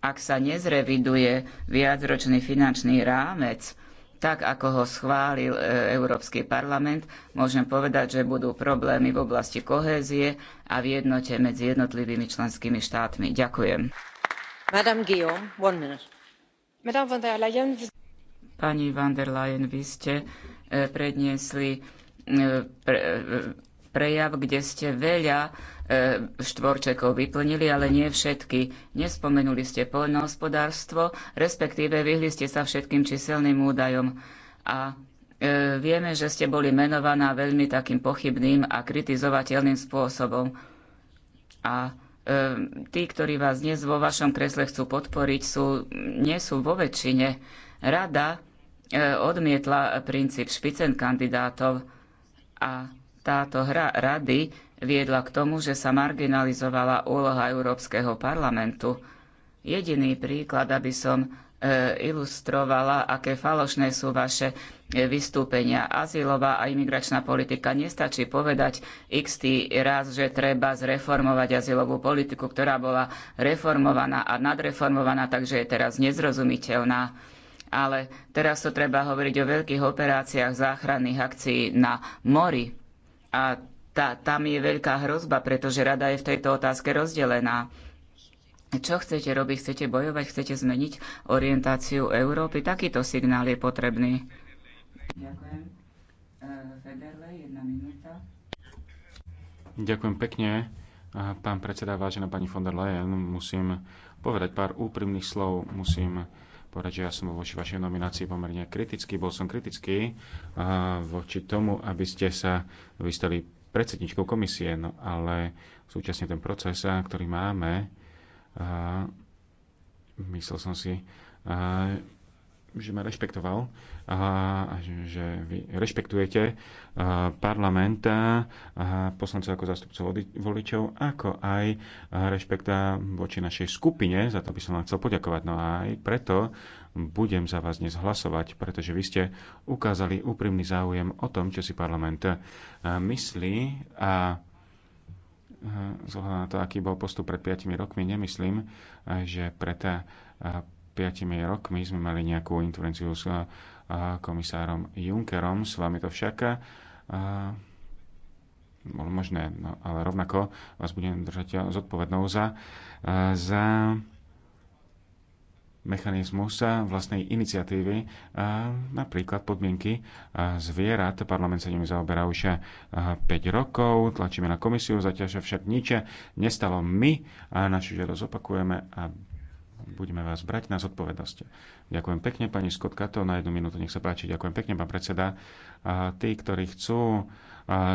F: ak sa nezreviduje viacročný finančný rámec, tak ako ho schválil e, Európsky parlament, môžem povedať, že budú problémy v oblasti kohézie a v jednote medzi jednotlivými členskými štátmi. Ďakujem.
B: Guillaume, der Leyen, vy...
F: Pani van der Leyen, vy ste e, predniesli e, pre, prejav, kde ste veľa E, štvorčekov vyplnili, ale nie všetky. Nespomenuli ste poľnohospodárstvo, respektíve vyhli ste sa všetkým číselným údajom. A e, vieme, že ste boli menovaná veľmi takým pochybným a kritizovateľným spôsobom. A e, tí, ktorí vás dnes vo vašom kresle chcú podporiť, sú, nie sú vo väčšine. Rada e, odmietla princíp špicen kandidátov a táto hra rady viedla k tomu, že sa marginalizovala úloha Európskeho parlamentu. Jediný príklad, aby som e, ilustrovala, aké falošné sú vaše e, vystúpenia. Azylová a imigračná politika. Nestačí povedať x raz, že treba zreformovať azylovú politiku, ktorá bola reformovaná a nadreformovaná, takže je teraz nezrozumiteľná. Ale teraz to treba hovoriť o veľkých operáciách záchranných akcií na mori. A tá, tam je veľká hrozba, pretože rada je v tejto otázke rozdelená. Čo chcete robiť? Chcete bojovať? Chcete zmeniť orientáciu Európy? Takýto signál je potrebný. Ďakujem. Eh, Federle, jedna minúta.
E: Ďakujem pekne. Eh, pán predseda, vážená pani von der Leyen, musím povedať pár úprimných slov. Musím povedať, že ja som voči vašej nominácii pomerne kritický. Bol som kritický eh, voči tomu, aby ste sa vystali predsedničkou komisie, no ale súčasne ten proces, ktorý máme, myslel som si, že ma rešpektoval a, že vy rešpektujete parlament a poslancov ako zástupcov voličov, ako aj rešpekta voči našej skupine. Za to by som vám chcel poďakovať. No a aj preto budem za vás dnes hlasovať, pretože vy ste ukázali úprimný záujem o tom, čo si parlament myslí a zohľadom na to, aký bol postup pred 5 rokmi, nemyslím, že pre tá 5 rokmi sme mali nejakú intervenciu s komisárom Junckerom, s vami to však bolo možné, no, ale rovnako vás budem držať zodpovednou za, za mechanizmus vlastnej iniciatívy, napríklad podmienky zvierat. Parlament sa nimi zaoberá už 5 rokov, tlačíme na komisiu, zatiaľ však nič nestalo. My a našu žiadosť opakujeme a budeme vás brať na zodpovednosť. Ďakujem pekne, pani Skotka, to na jednu minútu, nech sa páči. Ďakujem pekne, pán predseda. A tí, ktorí chcú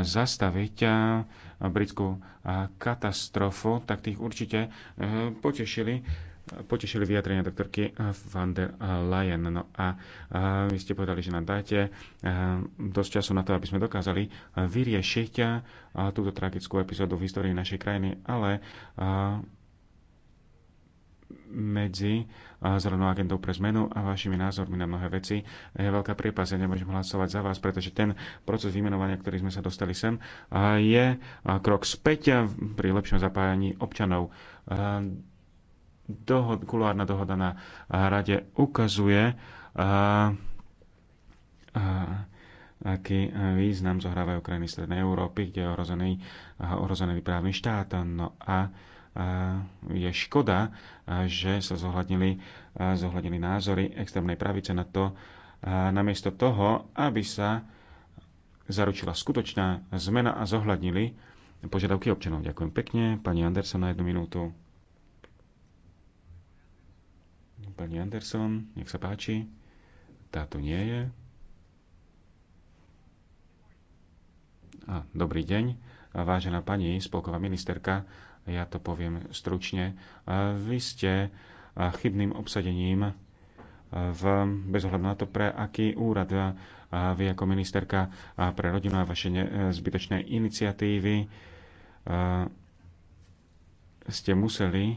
E: zastaviť britskú katastrofu, tak tých určite e, potešili potešili vyjadrenia doktorky van der Leyen. No a vy ste povedali, že nám dáte e, dosť času na to, aby sme dokázali vyriešiť túto tragickú epizódu v histórii našej krajiny, ale medzi zelenou agendou pre zmenu a vašimi názormi na mnohé veci je veľká priepas. Ja nemôžem hlasovať za vás, pretože ten proces vymenovania, ktorý sme sa dostali sem, je krok späť pri lepšom zapájaní občanov. Dohod, kulárna dohoda na rade ukazuje, aký význam zohrávajú krajiny Strednej Európy, kde je ohrozený, ohrozený právny štát. No a je škoda, že sa zohľadnili, zohľadnili názory extrémnej pravice na to, namiesto toho, aby sa zaručila skutočná zmena a zohľadnili požiadavky občanov. Ďakujem pekne. Pani Anderson na jednu minútu. Pani Anderson, nech sa páči. Táto nie je. A, dobrý deň. Vážená pani spolková ministerka, ja to poviem stručne, vy ste chybným obsadením v, bez ohľadu na to, pre aký úrad vy ako ministerka pre rodinu a vaše e, zbytočné iniciatívy ste museli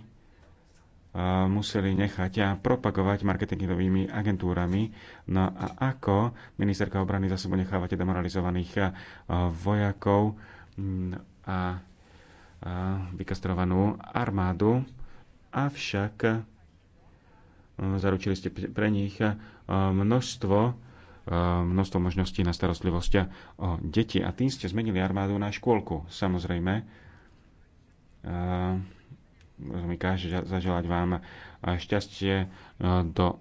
E: museli nechať a propagovať marketingovými agentúrami. No a ako ministerka obrany za sebou nechávate demoralizovaných vojakov a vykastrovanú armádu, avšak eh, zaručili ste pre nich eh, množstvo, eh, množstvo možností na starostlivosť o deti a tým ste zmenili armádu na škôlku. Samozrejme, rozumíka, zaželať vám šťastie do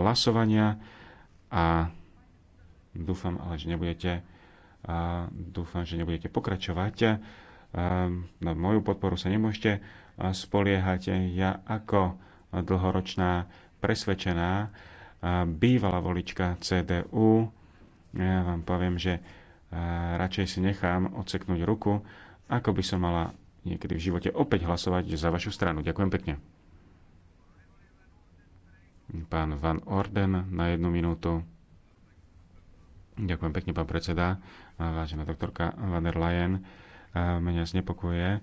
E: hlasovania a dúfam, ale že nebudete dúfam, že nebudete pokračovať Ehm, na moju podporu sa nemôžete eh, spoliehať. Ja ako dlhoročná presvedčená eh, bývalá volička CDU ja vám poviem, že eh, radšej si nechám odseknúť ruku, ako by som mala niekedy v živote opäť hlasovať za vašu stranu. Ďakujem pekne. Pán Van Orden na jednu minútu. Ďakujem pekne, pán predseda. Vážená doktorka Van der Leyen mňa znepokuje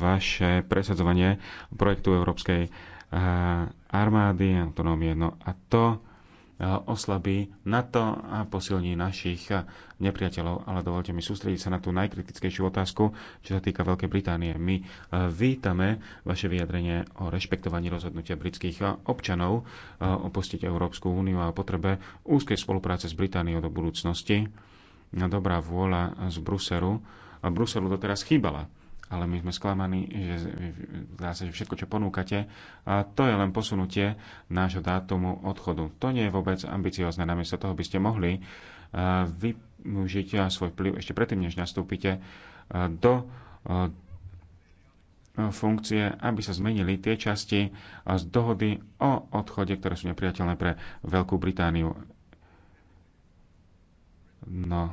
E: vaše presadzovanie projektu Európskej armády, autonómie. No a to oslabí NATO a posilní našich nepriateľov. Ale dovolte mi sústrediť sa na tú najkritickejšiu otázku, čo sa týka Veľkej Británie. My vítame vaše vyjadrenie o rešpektovaní rozhodnutia britských občanov opustiť Európsku úniu a potrebe úzkej spolupráce s Britániou do budúcnosti dobrá vôľa z Bruselu. A Bruselu to teraz chýbala. Ale my sme sklamaní, že zdá že všetko, čo ponúkate, a to je len posunutie nášho dátumu odchodu. To nie je vôbec ambiciozne. Namiesto toho by ste mohli využiť svoj vplyv ešte predtým, než nastúpite do funkcie, aby sa zmenili tie časti z dohody o odchode, ktoré sú nepriateľné pre Veľkú Britániu. No,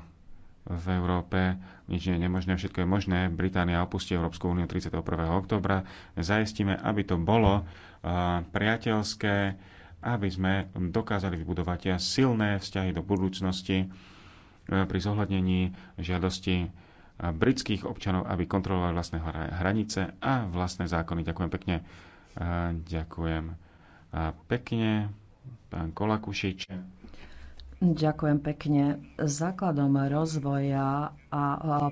E: v Európe nič nie je nemožné, všetko je možné. Británia opustí Európsku úniu 31. oktobra. Zajistíme, aby to bolo priateľské, aby sme dokázali vybudovať silné vzťahy do budúcnosti e, pri zohľadnení žiadosti e, britských občanov, aby kontrolovali vlastné hranice a vlastné zákony. Ďakujem pekne. E, ďakujem pekne, pán Kolakušič.
D: Ďakujem pekne. Základom rozvoja a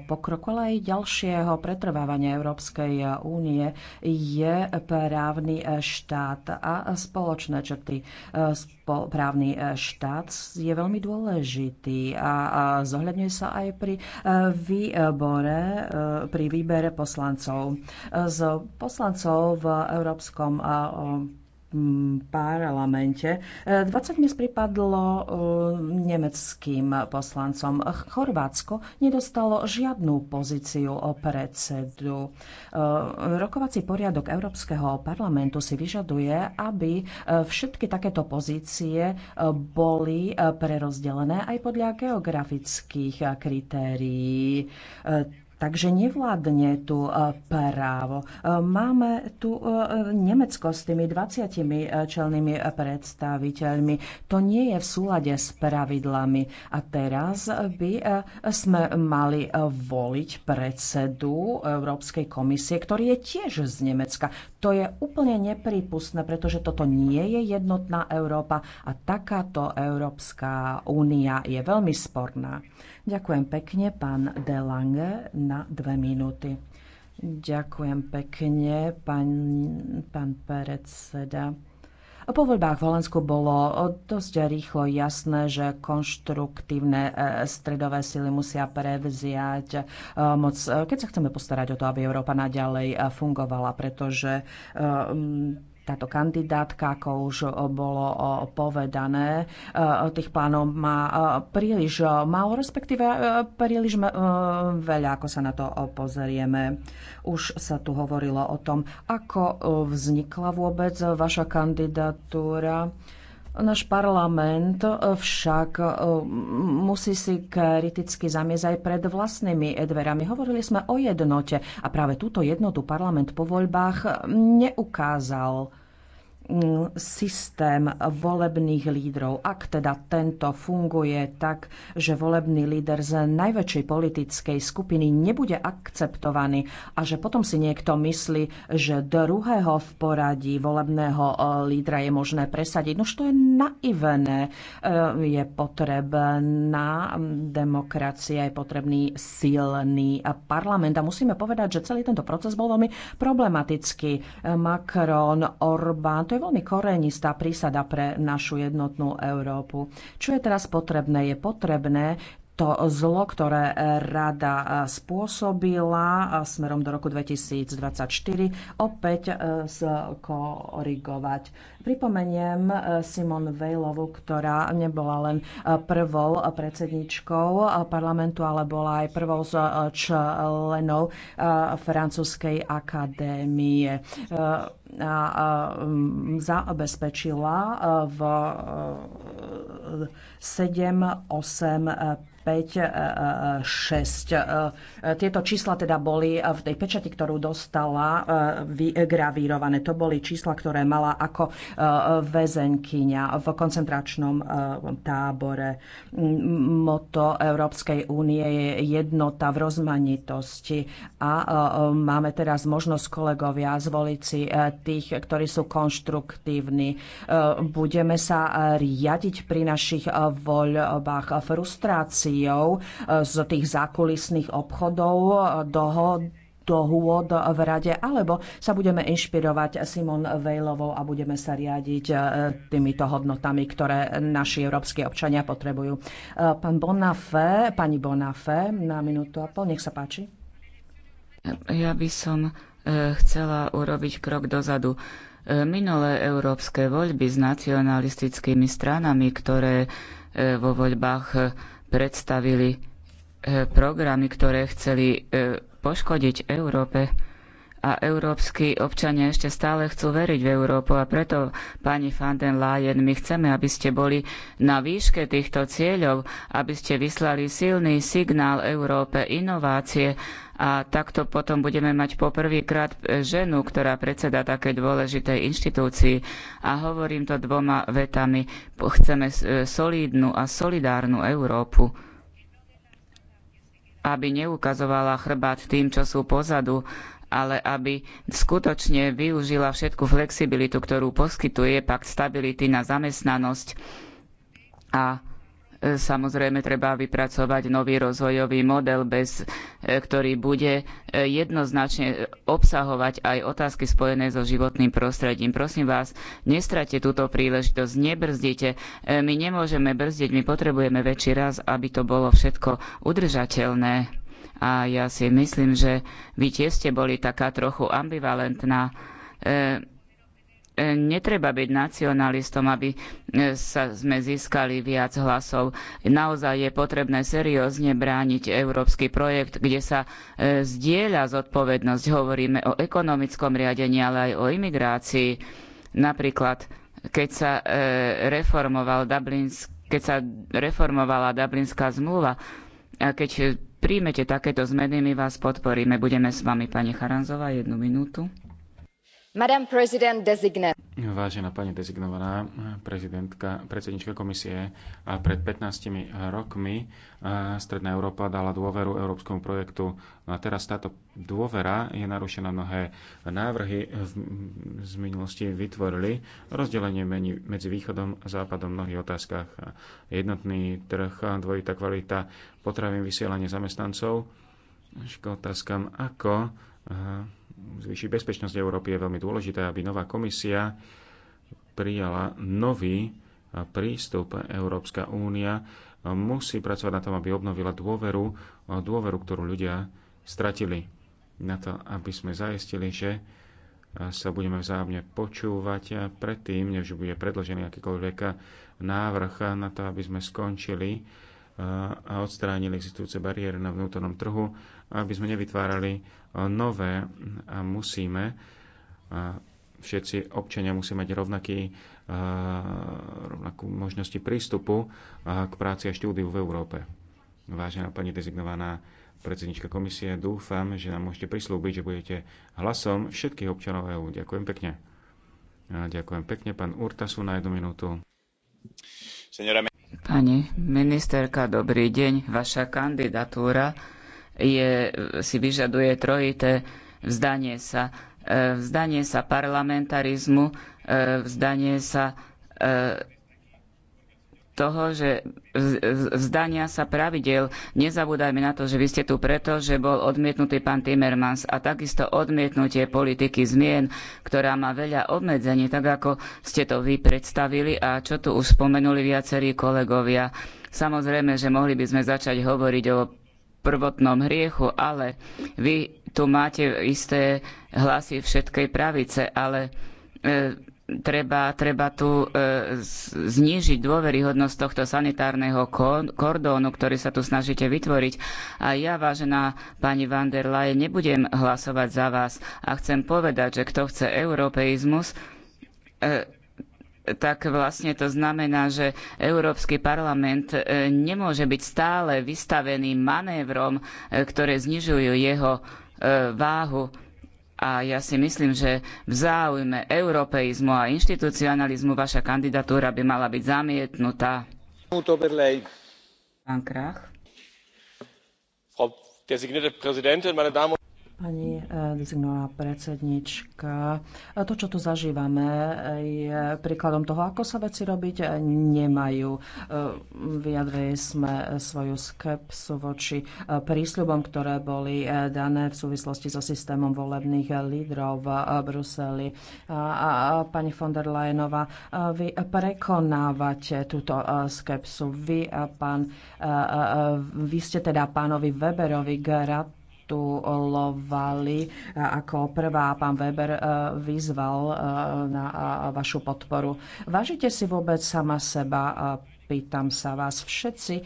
D: pokroku, ale aj ďalšieho pretrvávania Európskej únie je právny štát a spoločné črty. Právny štát je veľmi dôležitý a zohľadňuje sa aj pri výbore, pri výbere poslancov. Z poslancov v Európskom Mm, parlamente. 20 e, dnes pripadlo e, nemeckým poslancom. Chorvátsko nedostalo žiadnu pozíciu o predsedu. E, rokovací poriadok Európskeho parlamentu si vyžaduje, aby všetky takéto pozície boli prerozdelené aj podľa geografických kritérií Takže nevládne tu e, právo. E, máme tu e, Nemecko s tými 20 čelnými predstaviteľmi. To nie je v súlade s pravidlami. A teraz by sme mali voliť predsedu Európskej komisie, ktorý je tiež z Nemecka. To je úplne nepripustné, pretože toto nie je jednotná Európa a takáto Európska únia je veľmi sporná. Ďakujem pekne, pán Delange na dve minúty. Ďakujem pekne, pán, pán predseda. Po voľbách v Holandsku bolo dosť rýchlo jasné, že konštruktívne e, stredové sily musia prevziať e, moc, keď sa chceme postarať o to, aby Európa naďalej e, fungovala, pretože táto kandidátka, ako už bolo povedané, e, tých plánov má e, príliš málo, respektíve e, príliš veľa, ako sa na to pozrieme. Už sa tu hovorilo o tom, ako vznikla vôbec vaša kandidatúra. Náš parlament e, však e, musí si kriticky zamiesť aj pred vlastnými dverami. Hovorili sme o jednote a práve túto jednotu parlament po voľbách neukázal systém volebných lídrov. Ak teda tento funguje tak, že volebný líder z najväčšej politickej skupiny nebude akceptovaný a že potom si niekto myslí, že druhého v poradí volebného e, lídra je možné presadiť, no to je naivené. E, je potrebná demokracia, je potrebný silný parlament a musíme povedať, že celý tento proces bol veľmi problematický. Macron, Orbán, to je je veľmi korenistá prísada pre našu jednotnú Európu. Čo je teraz potrebné? Je potrebné to zlo, ktoré rada spôsobila smerom do roku 2024, opäť skorigovať. Eh, Pripomeniem e, Simon Vejlovu, ktorá nebola len e, prvou e, predsedničkou parlamentu, ale bola aj prvou z členov francúzskej akadémie a zabezpečila v 7, 8, 5, 6. Tieto čísla teda boli v tej pečati, ktorú dostala vygravírované. To boli čísla, ktoré mala ako väzenkyňa v koncentračnom e, tábore. Moto Európskej únie je jednota v rozmanitosti a e, máme teraz možnosť kolegovia zvoliť si e, tých, ktorí sú konštruktívni. Budeme sa riadiť pri našich voľbách frustráciou z tých zákulisných obchodov dohod hôd v rade, alebo sa budeme inšpirovať Simon Vejlovou a budeme sa riadiť e, týmito hodnotami, ktoré naši európsky občania potrebujú. E, pán Bonafé, pani Bonafé, na minútu a pol, nech sa páči.
F: Ja by som e, chcela urobiť krok dozadu. Minulé európske voľby s nacionalistickými stranami, ktoré vo voľbách predstavili programy, ktoré chceli poškodiť Európe. A európsky občania ešte stále chcú veriť v Európu a preto, pani van den Leyen, my chceme, aby ste boli na výške týchto cieľov, aby ste vyslali silný signál Európe inovácie a takto potom budeme mať poprvýkrát ženu, ktorá predseda také dôležitej inštitúcii. A hovorím to dvoma vetami. Chceme solídnu a solidárnu Európu aby neukazovala chrbát tým, čo sú pozadu, ale aby skutočne využila všetku flexibilitu, ktorú poskytuje pakt stability na zamestnanosť a Samozrejme, treba vypracovať nový rozvojový model, bez, e, ktorý bude e, jednoznačne obsahovať aj otázky spojené so životným prostredím. Prosím vás, nestrate túto príležitosť, nebrzdite. E, my nemôžeme brzdiť, my potrebujeme väčší raz, aby to bolo všetko udržateľné. A ja si myslím, že vy tiež ste boli taká trochu ambivalentná. E, netreba byť nacionalistom, aby e, sa sme získali viac hlasov. Naozaj je potrebné seriózne brániť európsky projekt, kde sa e, zdieľa zodpovednosť. Hovoríme o ekonomickom riadení, ale aj o imigrácii. Napríklad, keď sa e, reformoval Dublinsk, keď sa reformovala Dublinská zmluva, a keď príjmete takéto zmeny, my vás podporíme. Budeme s vami, pani Charanzová, jednu minútu.
E: Vážená pani dezignovaná prezidentka, predsednička komisie, pred 15 rokmi Stredná Európa dala dôveru európskemu projektu. No a teraz táto dôvera je narušená. Mnohé návrhy z minulosti vytvorili rozdelenie medzi východom a západom v mnohých otázkach. Jednotný trh, dvojitá kvalita potravím vysielanie zamestnancov. Otázkam, ako zvýšiť bezpečnosť Európy, je veľmi dôležité, aby nová komisia prijala nový eh, prístup. Európska únia eh, musí pracovať na tom, aby obnovila dôveru, eh, dôveru, ktorú ľudia stratili. Na to, aby sme zaistili, že sa budeme vzájomne počúvať predtým, než bude predložený akýkoľvek návrh na to, aby sme skončili a odstránili existujúce bariéry na vnútornom trhu aby sme nevytvárali e, nové a musíme e, všetci občania musí mať rovnaký, e, rovnakú možnosti prístupu k práci a štúdiu v Európe. Vážená pani dezignovaná predsednička komisie, dúfam, že nám môžete prislúbiť, že budete hlasom všetkých občanov EÚ. Ďakujem pekne. Ďakujem pekne. Pán Urtasu na jednu minútu.
F: Pani ministerka, dobrý deň. Vaša kandidatúra je, si vyžaduje trojité vzdanie sa. E, vzdanie sa parlamentarizmu, e, vzdanie sa e, toho, že vzdania sa pravidel. Nezabúdajme na to, že vy ste tu preto, že bol odmietnutý pán Timmermans a takisto odmietnutie politiky zmien, ktorá má veľa obmedzení, tak ako ste to vy predstavili a čo tu už spomenuli viacerí kolegovia. Samozrejme, že mohli by sme začať hovoriť o prvotnom hriechu, ale vy tu máte isté hlasy všetkej pravice, ale e, treba, treba tu e, znížiť dôveryhodnosť tohto sanitárneho kordónu, ktorý sa tu snažíte vytvoriť. A ja, vážená pani van der Leyen, nebudem hlasovať za vás. A chcem povedať, že kto chce europeizmus, e, tak vlastne to znamená, že Európsky parlament e, nemôže byť stále vystavený manévrom, e, ktoré znižujú jeho e, váhu. A ja si myslím, že v záujme europeizmu a inštitucionalizmu vaša kandidatúra by mala byť zamietnutá. Pán Krach. Pani eh, dezignovaná
D: predsednička, eh, to, čo tu zažívame, eh, je príkladom toho, ako sa veci robiť nemajú. Vyjadrili sme svoju skepsu voči prísľubom, ktoré boli dané v súvislosti so systémom volebných lídrov v Bruseli. A pani von der Leyenová, vy prekonávate túto skepsu. Vy, pán, vy ste teda pánovi Weberovi gratulovali postulovali ako prvá. Pán Weber e, vyzval e, na vašu podporu. Vážite si vôbec sama seba Pýtam sa vás všetci. E,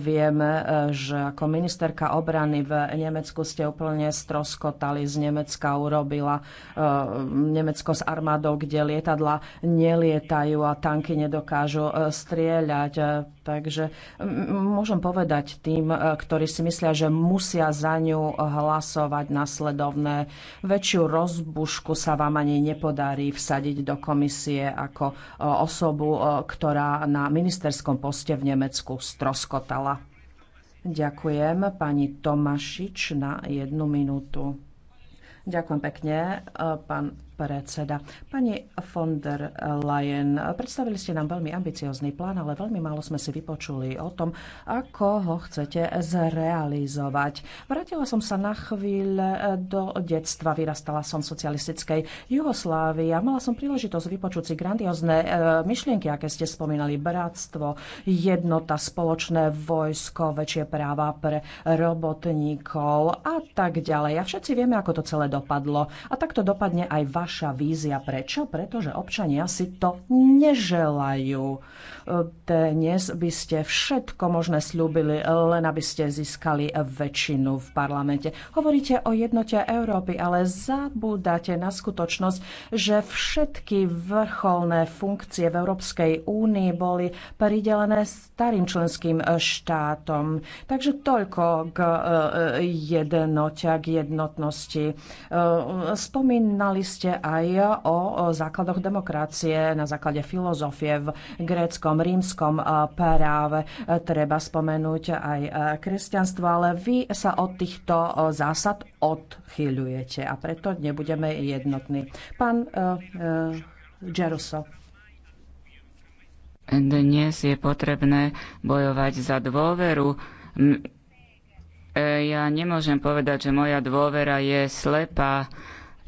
D: vieme, že ako ministerka obrany v Nemecku ste úplne stroskotali. Z Nemecka urobila Nemecko s armádou, kde lietadla nelietajú a tanky nedokážu strieľať. Takže môžem povedať tým, e, ktorí si myslia, že musia za ňu hlasovať nasledovné. Väčšiu rozbušku sa vám ani nepodarí vsadiť do komisie ako e, osobu, e, ktorá na ministerskom poste v Nemecku stroskotala. Ďakujem pani Tomašič na jednu minútu. Ďakujem pekne, pán predseda. Pani von der Leyen, predstavili ste nám veľmi ambiciózny plán, ale veľmi málo sme si vypočuli o tom, ako ho chcete zrealizovať. Vrátila som sa na chvíľ do detstva. Vyrastala som v socialistickej Jugoslávii a mala som príležitosť vypočuť si grandiozne e, myšlienky, aké ste spomínali. Bratstvo, jednota, spoločné vojsko, väčšie práva pre robotníkov a tak ďalej. A všetci vieme, ako to celé dopadlo. A tak to dopadne aj vás vaša vízia. Prečo? Pretože občania si to neželajú. E, dnes by ste všetko možné slúbili, len aby ste získali väčšinu v parlamente. Hovoríte o jednote Európy, ale zabúdate na skutočnosť, že všetky vrcholné funkcie v Európskej únii boli pridelené starým členským štátom. Takže toľko k e, jednote, k jednotnosti. E, spomínali ste aj o základoch demokracie na základe filozofie v gréckom, rímskom e, práve. E, Treba spomenúť aj e, kresťanstvo, ale vy sa od týchto zásad odchyľujete a preto nebudeme jednotní. Pán Geruso.
F: Dnes je potrebné bojovať za dôveru. Ja nemôžem povedať, že moja dôvera je slepá.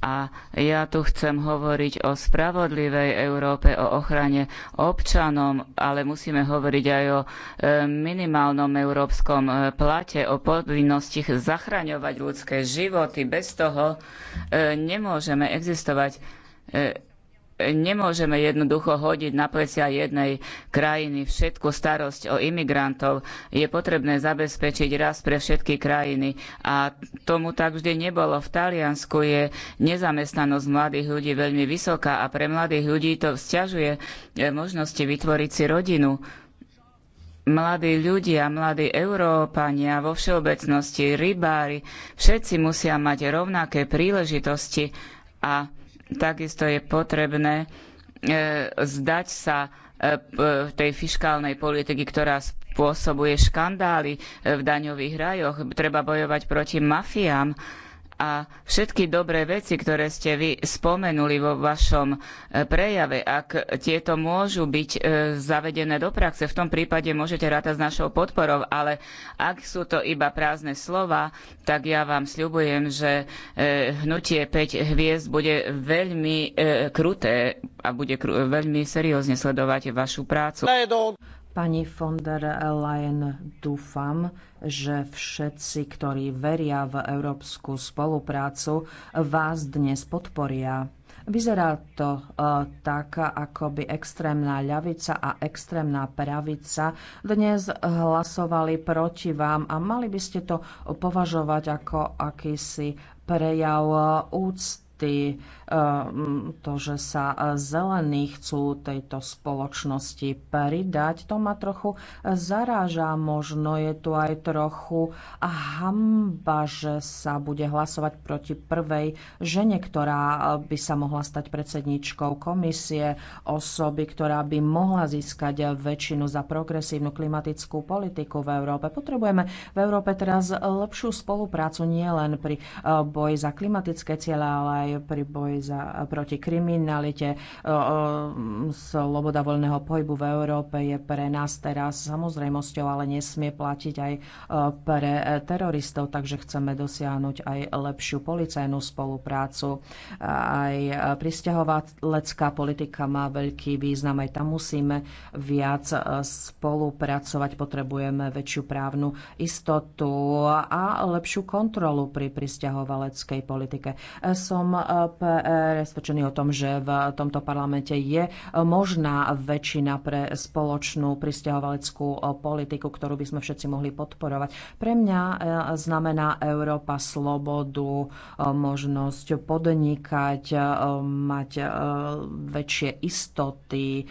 F: A ja tu chcem hovoriť o spravodlivej Európe, o ochrane občanom, ale musíme hovoriť aj o e, minimálnom európskom e, plate, o povinnosti zachraňovať ľudské životy. Bez toho e, nemôžeme existovať nemôžeme jednoducho hodiť na plecia jednej krajiny všetku starosť o imigrantov. Je potrebné zabezpečiť rast pre všetky krajiny. A tomu tak vždy nebolo. V Taliansku je nezamestnanosť mladých ľudí veľmi vysoká a pre mladých ľudí to sťažuje e, možnosti vytvoriť si rodinu. Mladí ľudia, mladí Európania vo všeobecnosti, rybári, všetci musia mať rovnaké príležitosti a Takisto je potrebné e, zdať sa e, tej fiškálnej politiky, ktorá spôsobuje škandály e, v daňových rajoch. Treba bojovať proti mafiám a všetky dobré veci, ktoré ste vy spomenuli vo vašom e, prejave, ak tieto môžu byť e, zavedené do praxe, v tom prípade môžete rátať s našou podporou, ale ak sú to iba prázdne slova, tak ja vám sľubujem, že e, hnutie 5 hviezd bude veľmi kruté a bude veľmi seriózne sledovať vašu prácu.
D: Pani von der Leyen, dúfam, že všetci, ktorí veria v európsku spoluprácu, vás dnes podporia. Vyzerá to e, tak, ako by extrémna ľavica a extrémna pravica dnes hlasovali proti vám a mali by ste to považovať ako akýsi prejav úcty projekty, eh, mm, to, že sa eh, zelení chcú tejto spoločnosti pridať, to ma trochu eh, zaráža. Možno je tu aj trochu hamba, že sa bude hlasovať proti prvej žene, ktorá by sa mohla stať predsedničkou komisie, osoby, ktorá by mohla získať väčšinu za progresívnu klimatickú politiku v Európe. Potrebujeme v Európe teraz lepšiu spoluprácu nielen pri boji za klimatické ciele, ale aj aj pri boji za, proti kriminalite. Sloboda voľného pohybu v Európe je pre nás teraz samozrejmosťou, ale nesmie platiť aj pre teroristov, takže chceme dosiahnuť aj lepšiu policajnú spoluprácu. Aj pristahovalecká politika má veľký význam, aj tam musíme viac e, spolupracovať, potrebujeme väčšiu právnu istotu a lepšiu kontrolu pri pristahovaleckej politike. E, som presvedčení o tom, že v tomto parlamente je možná väčšina pre spoločnú pristahovaleckú politiku, ktorú by sme všetci mohli podporovať. Pre mňa e, znamená Európa slobodu, možnosť podnikať, mať väčšie istoty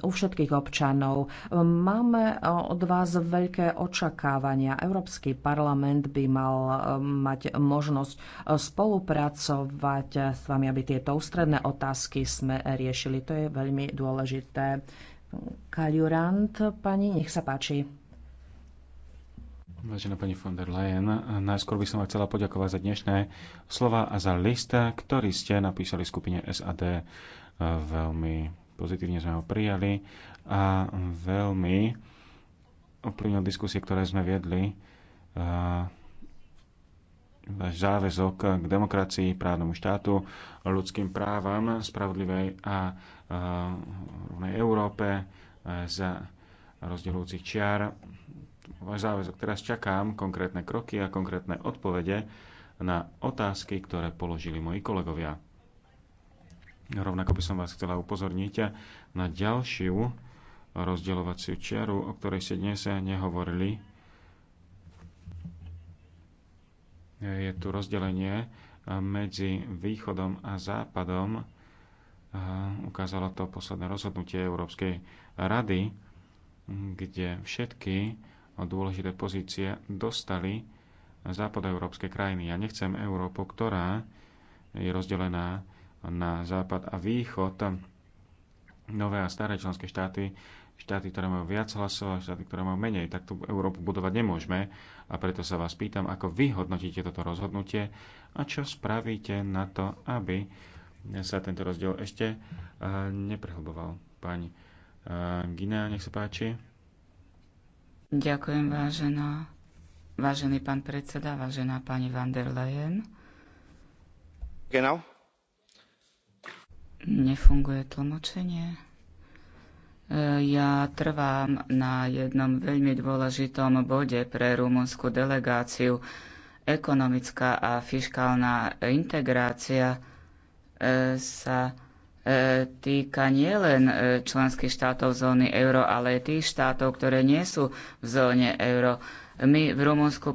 D: u všetkých občanov. Máme od vás veľké očakávania. Európsky parlament by mal mať možnosť spolupracovať pracovať s vami, aby tieto ústredné otázky sme riešili. To je veľmi dôležité. Kaliurant, pani, nech sa páči.
E: Vážená pani von der Leyen, najskôr by som vám chcela poďakovať za dnešné slova a za list, ktorý ste napísali skupine SAD. Veľmi pozitívne sme ho prijali a veľmi ovplyvnil diskusie, ktoré sme viedli váš záväzok k demokracii, právnemu štátu, ľudským právam, spravodlivej a rovnej Európe e, za rozdielujúcich čiar. Váš záväzok teraz čakám konkrétne kroky a konkrétne odpovede na otázky, ktoré položili moji kolegovia. Rovnako by som vás chcela upozorniť na ďalšiu rozdielovaciu čiaru, o ktorej ste dnes nehovorili je tu rozdelenie e, medzi východom a západom. E, ukázalo to posledné rozhodnutie Európskej rady, kde všetky dôležité pozície dostali západoeurópske krajiny. Ja nechcem Európu, ktorá je rozdelená na západ a východ. Nové a staré členské štáty štáty, ktoré majú viac hlasov a štáty, ktoré majú menej, tak tú Európu budovať nemôžeme. A preto sa vás pýtam, ako vy hodnotíte toto rozhodnutie a čo spravíte na to, aby sa tento rozdiel ešte eh, neprehlboval. Pani eh, Gina, nech sa páči.
F: Ďakujem, vážená. Vážený pán predseda, vážená pani van der Leyen. Genau. Nefunguje tlmočenie. Ja trvám na jednom veľmi dôležitom bode pre rumunskú delegáciu. Ekonomická a fiskálna integrácia e, sa e, týka nielen e, členských štátov zóny euro, ale aj tých štátov, ktoré nie sú v zóne euro. My v Rumunsku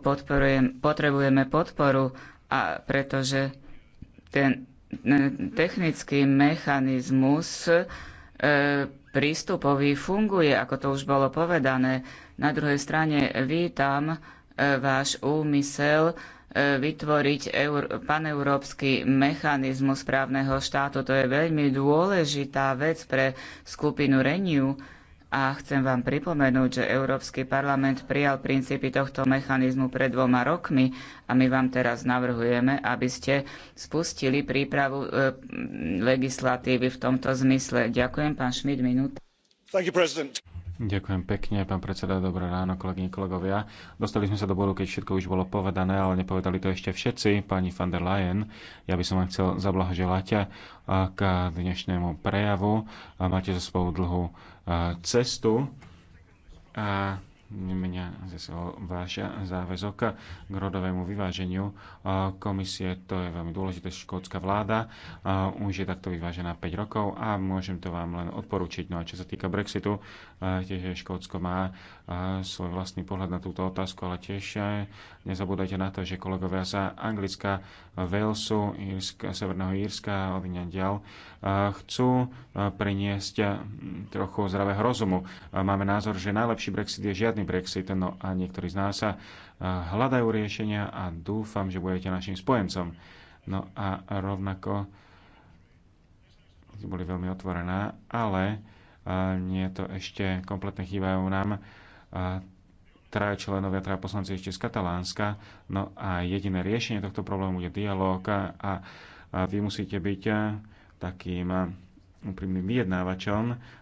F: potrebujeme podporu, a pretože ten technický mechanizmus prístupový funguje, ako to už bolo povedané. Na druhej strane vítam e, váš úmysel e, vytvoriť eur, paneurópsky mechanizmus právneho štátu. To je veľmi dôležitá vec pre skupinu Renew a chcem vám pripomenúť, že Európsky parlament prijal princípy tohto mechanizmu pred dvoma rokmi a my vám teraz navrhujeme, aby ste spustili prípravu e, legislatívy v tomto zmysle. Ďakujem, pán Šmid, minút. You,
E: Ďakujem pekne, pán predseda, dobré ráno, kolegyne, kolegovia. Dostali sme sa do bodu, keď všetko už bolo povedané, ale nepovedali to ešte všetci. Pani van der Leyen, ja by som vám chcel zablahoželať eh, k dnešnému prejavu. Eh, máte za spolu dlhú eh, cestu a mňa zase váš záväzok k rodovému vyváženiu komisie. To je veľmi dôležité. Škótska vláda už je takto vyvážená 5 rokov a môžem to vám len odporučiť. No a čo sa týka Brexitu, tiež Škótsko má svoj vlastný pohľad na túto otázku, ale tiež e, nezabúdajte na to, že kolegovia za Anglická, Walesu, Írska, Severného Írska a Ovinia ďal e, chcú e, priniesť trochu zdravého rozumu. Máme názor, že najlepší Brexit je žiadny Brexit, no a niektorí z nás sa hľadajú riešenia a dúfam, že budete našim spojencom. No a rovnako boli veľmi otvorená, ale nie je to ešte kompletne chýbajú nám traja členovia, traja poslanci ešte z Katalánska. No a jediné riešenie tohto problému je dialog a, a vy musíte byť takým úprimným vyjednávačom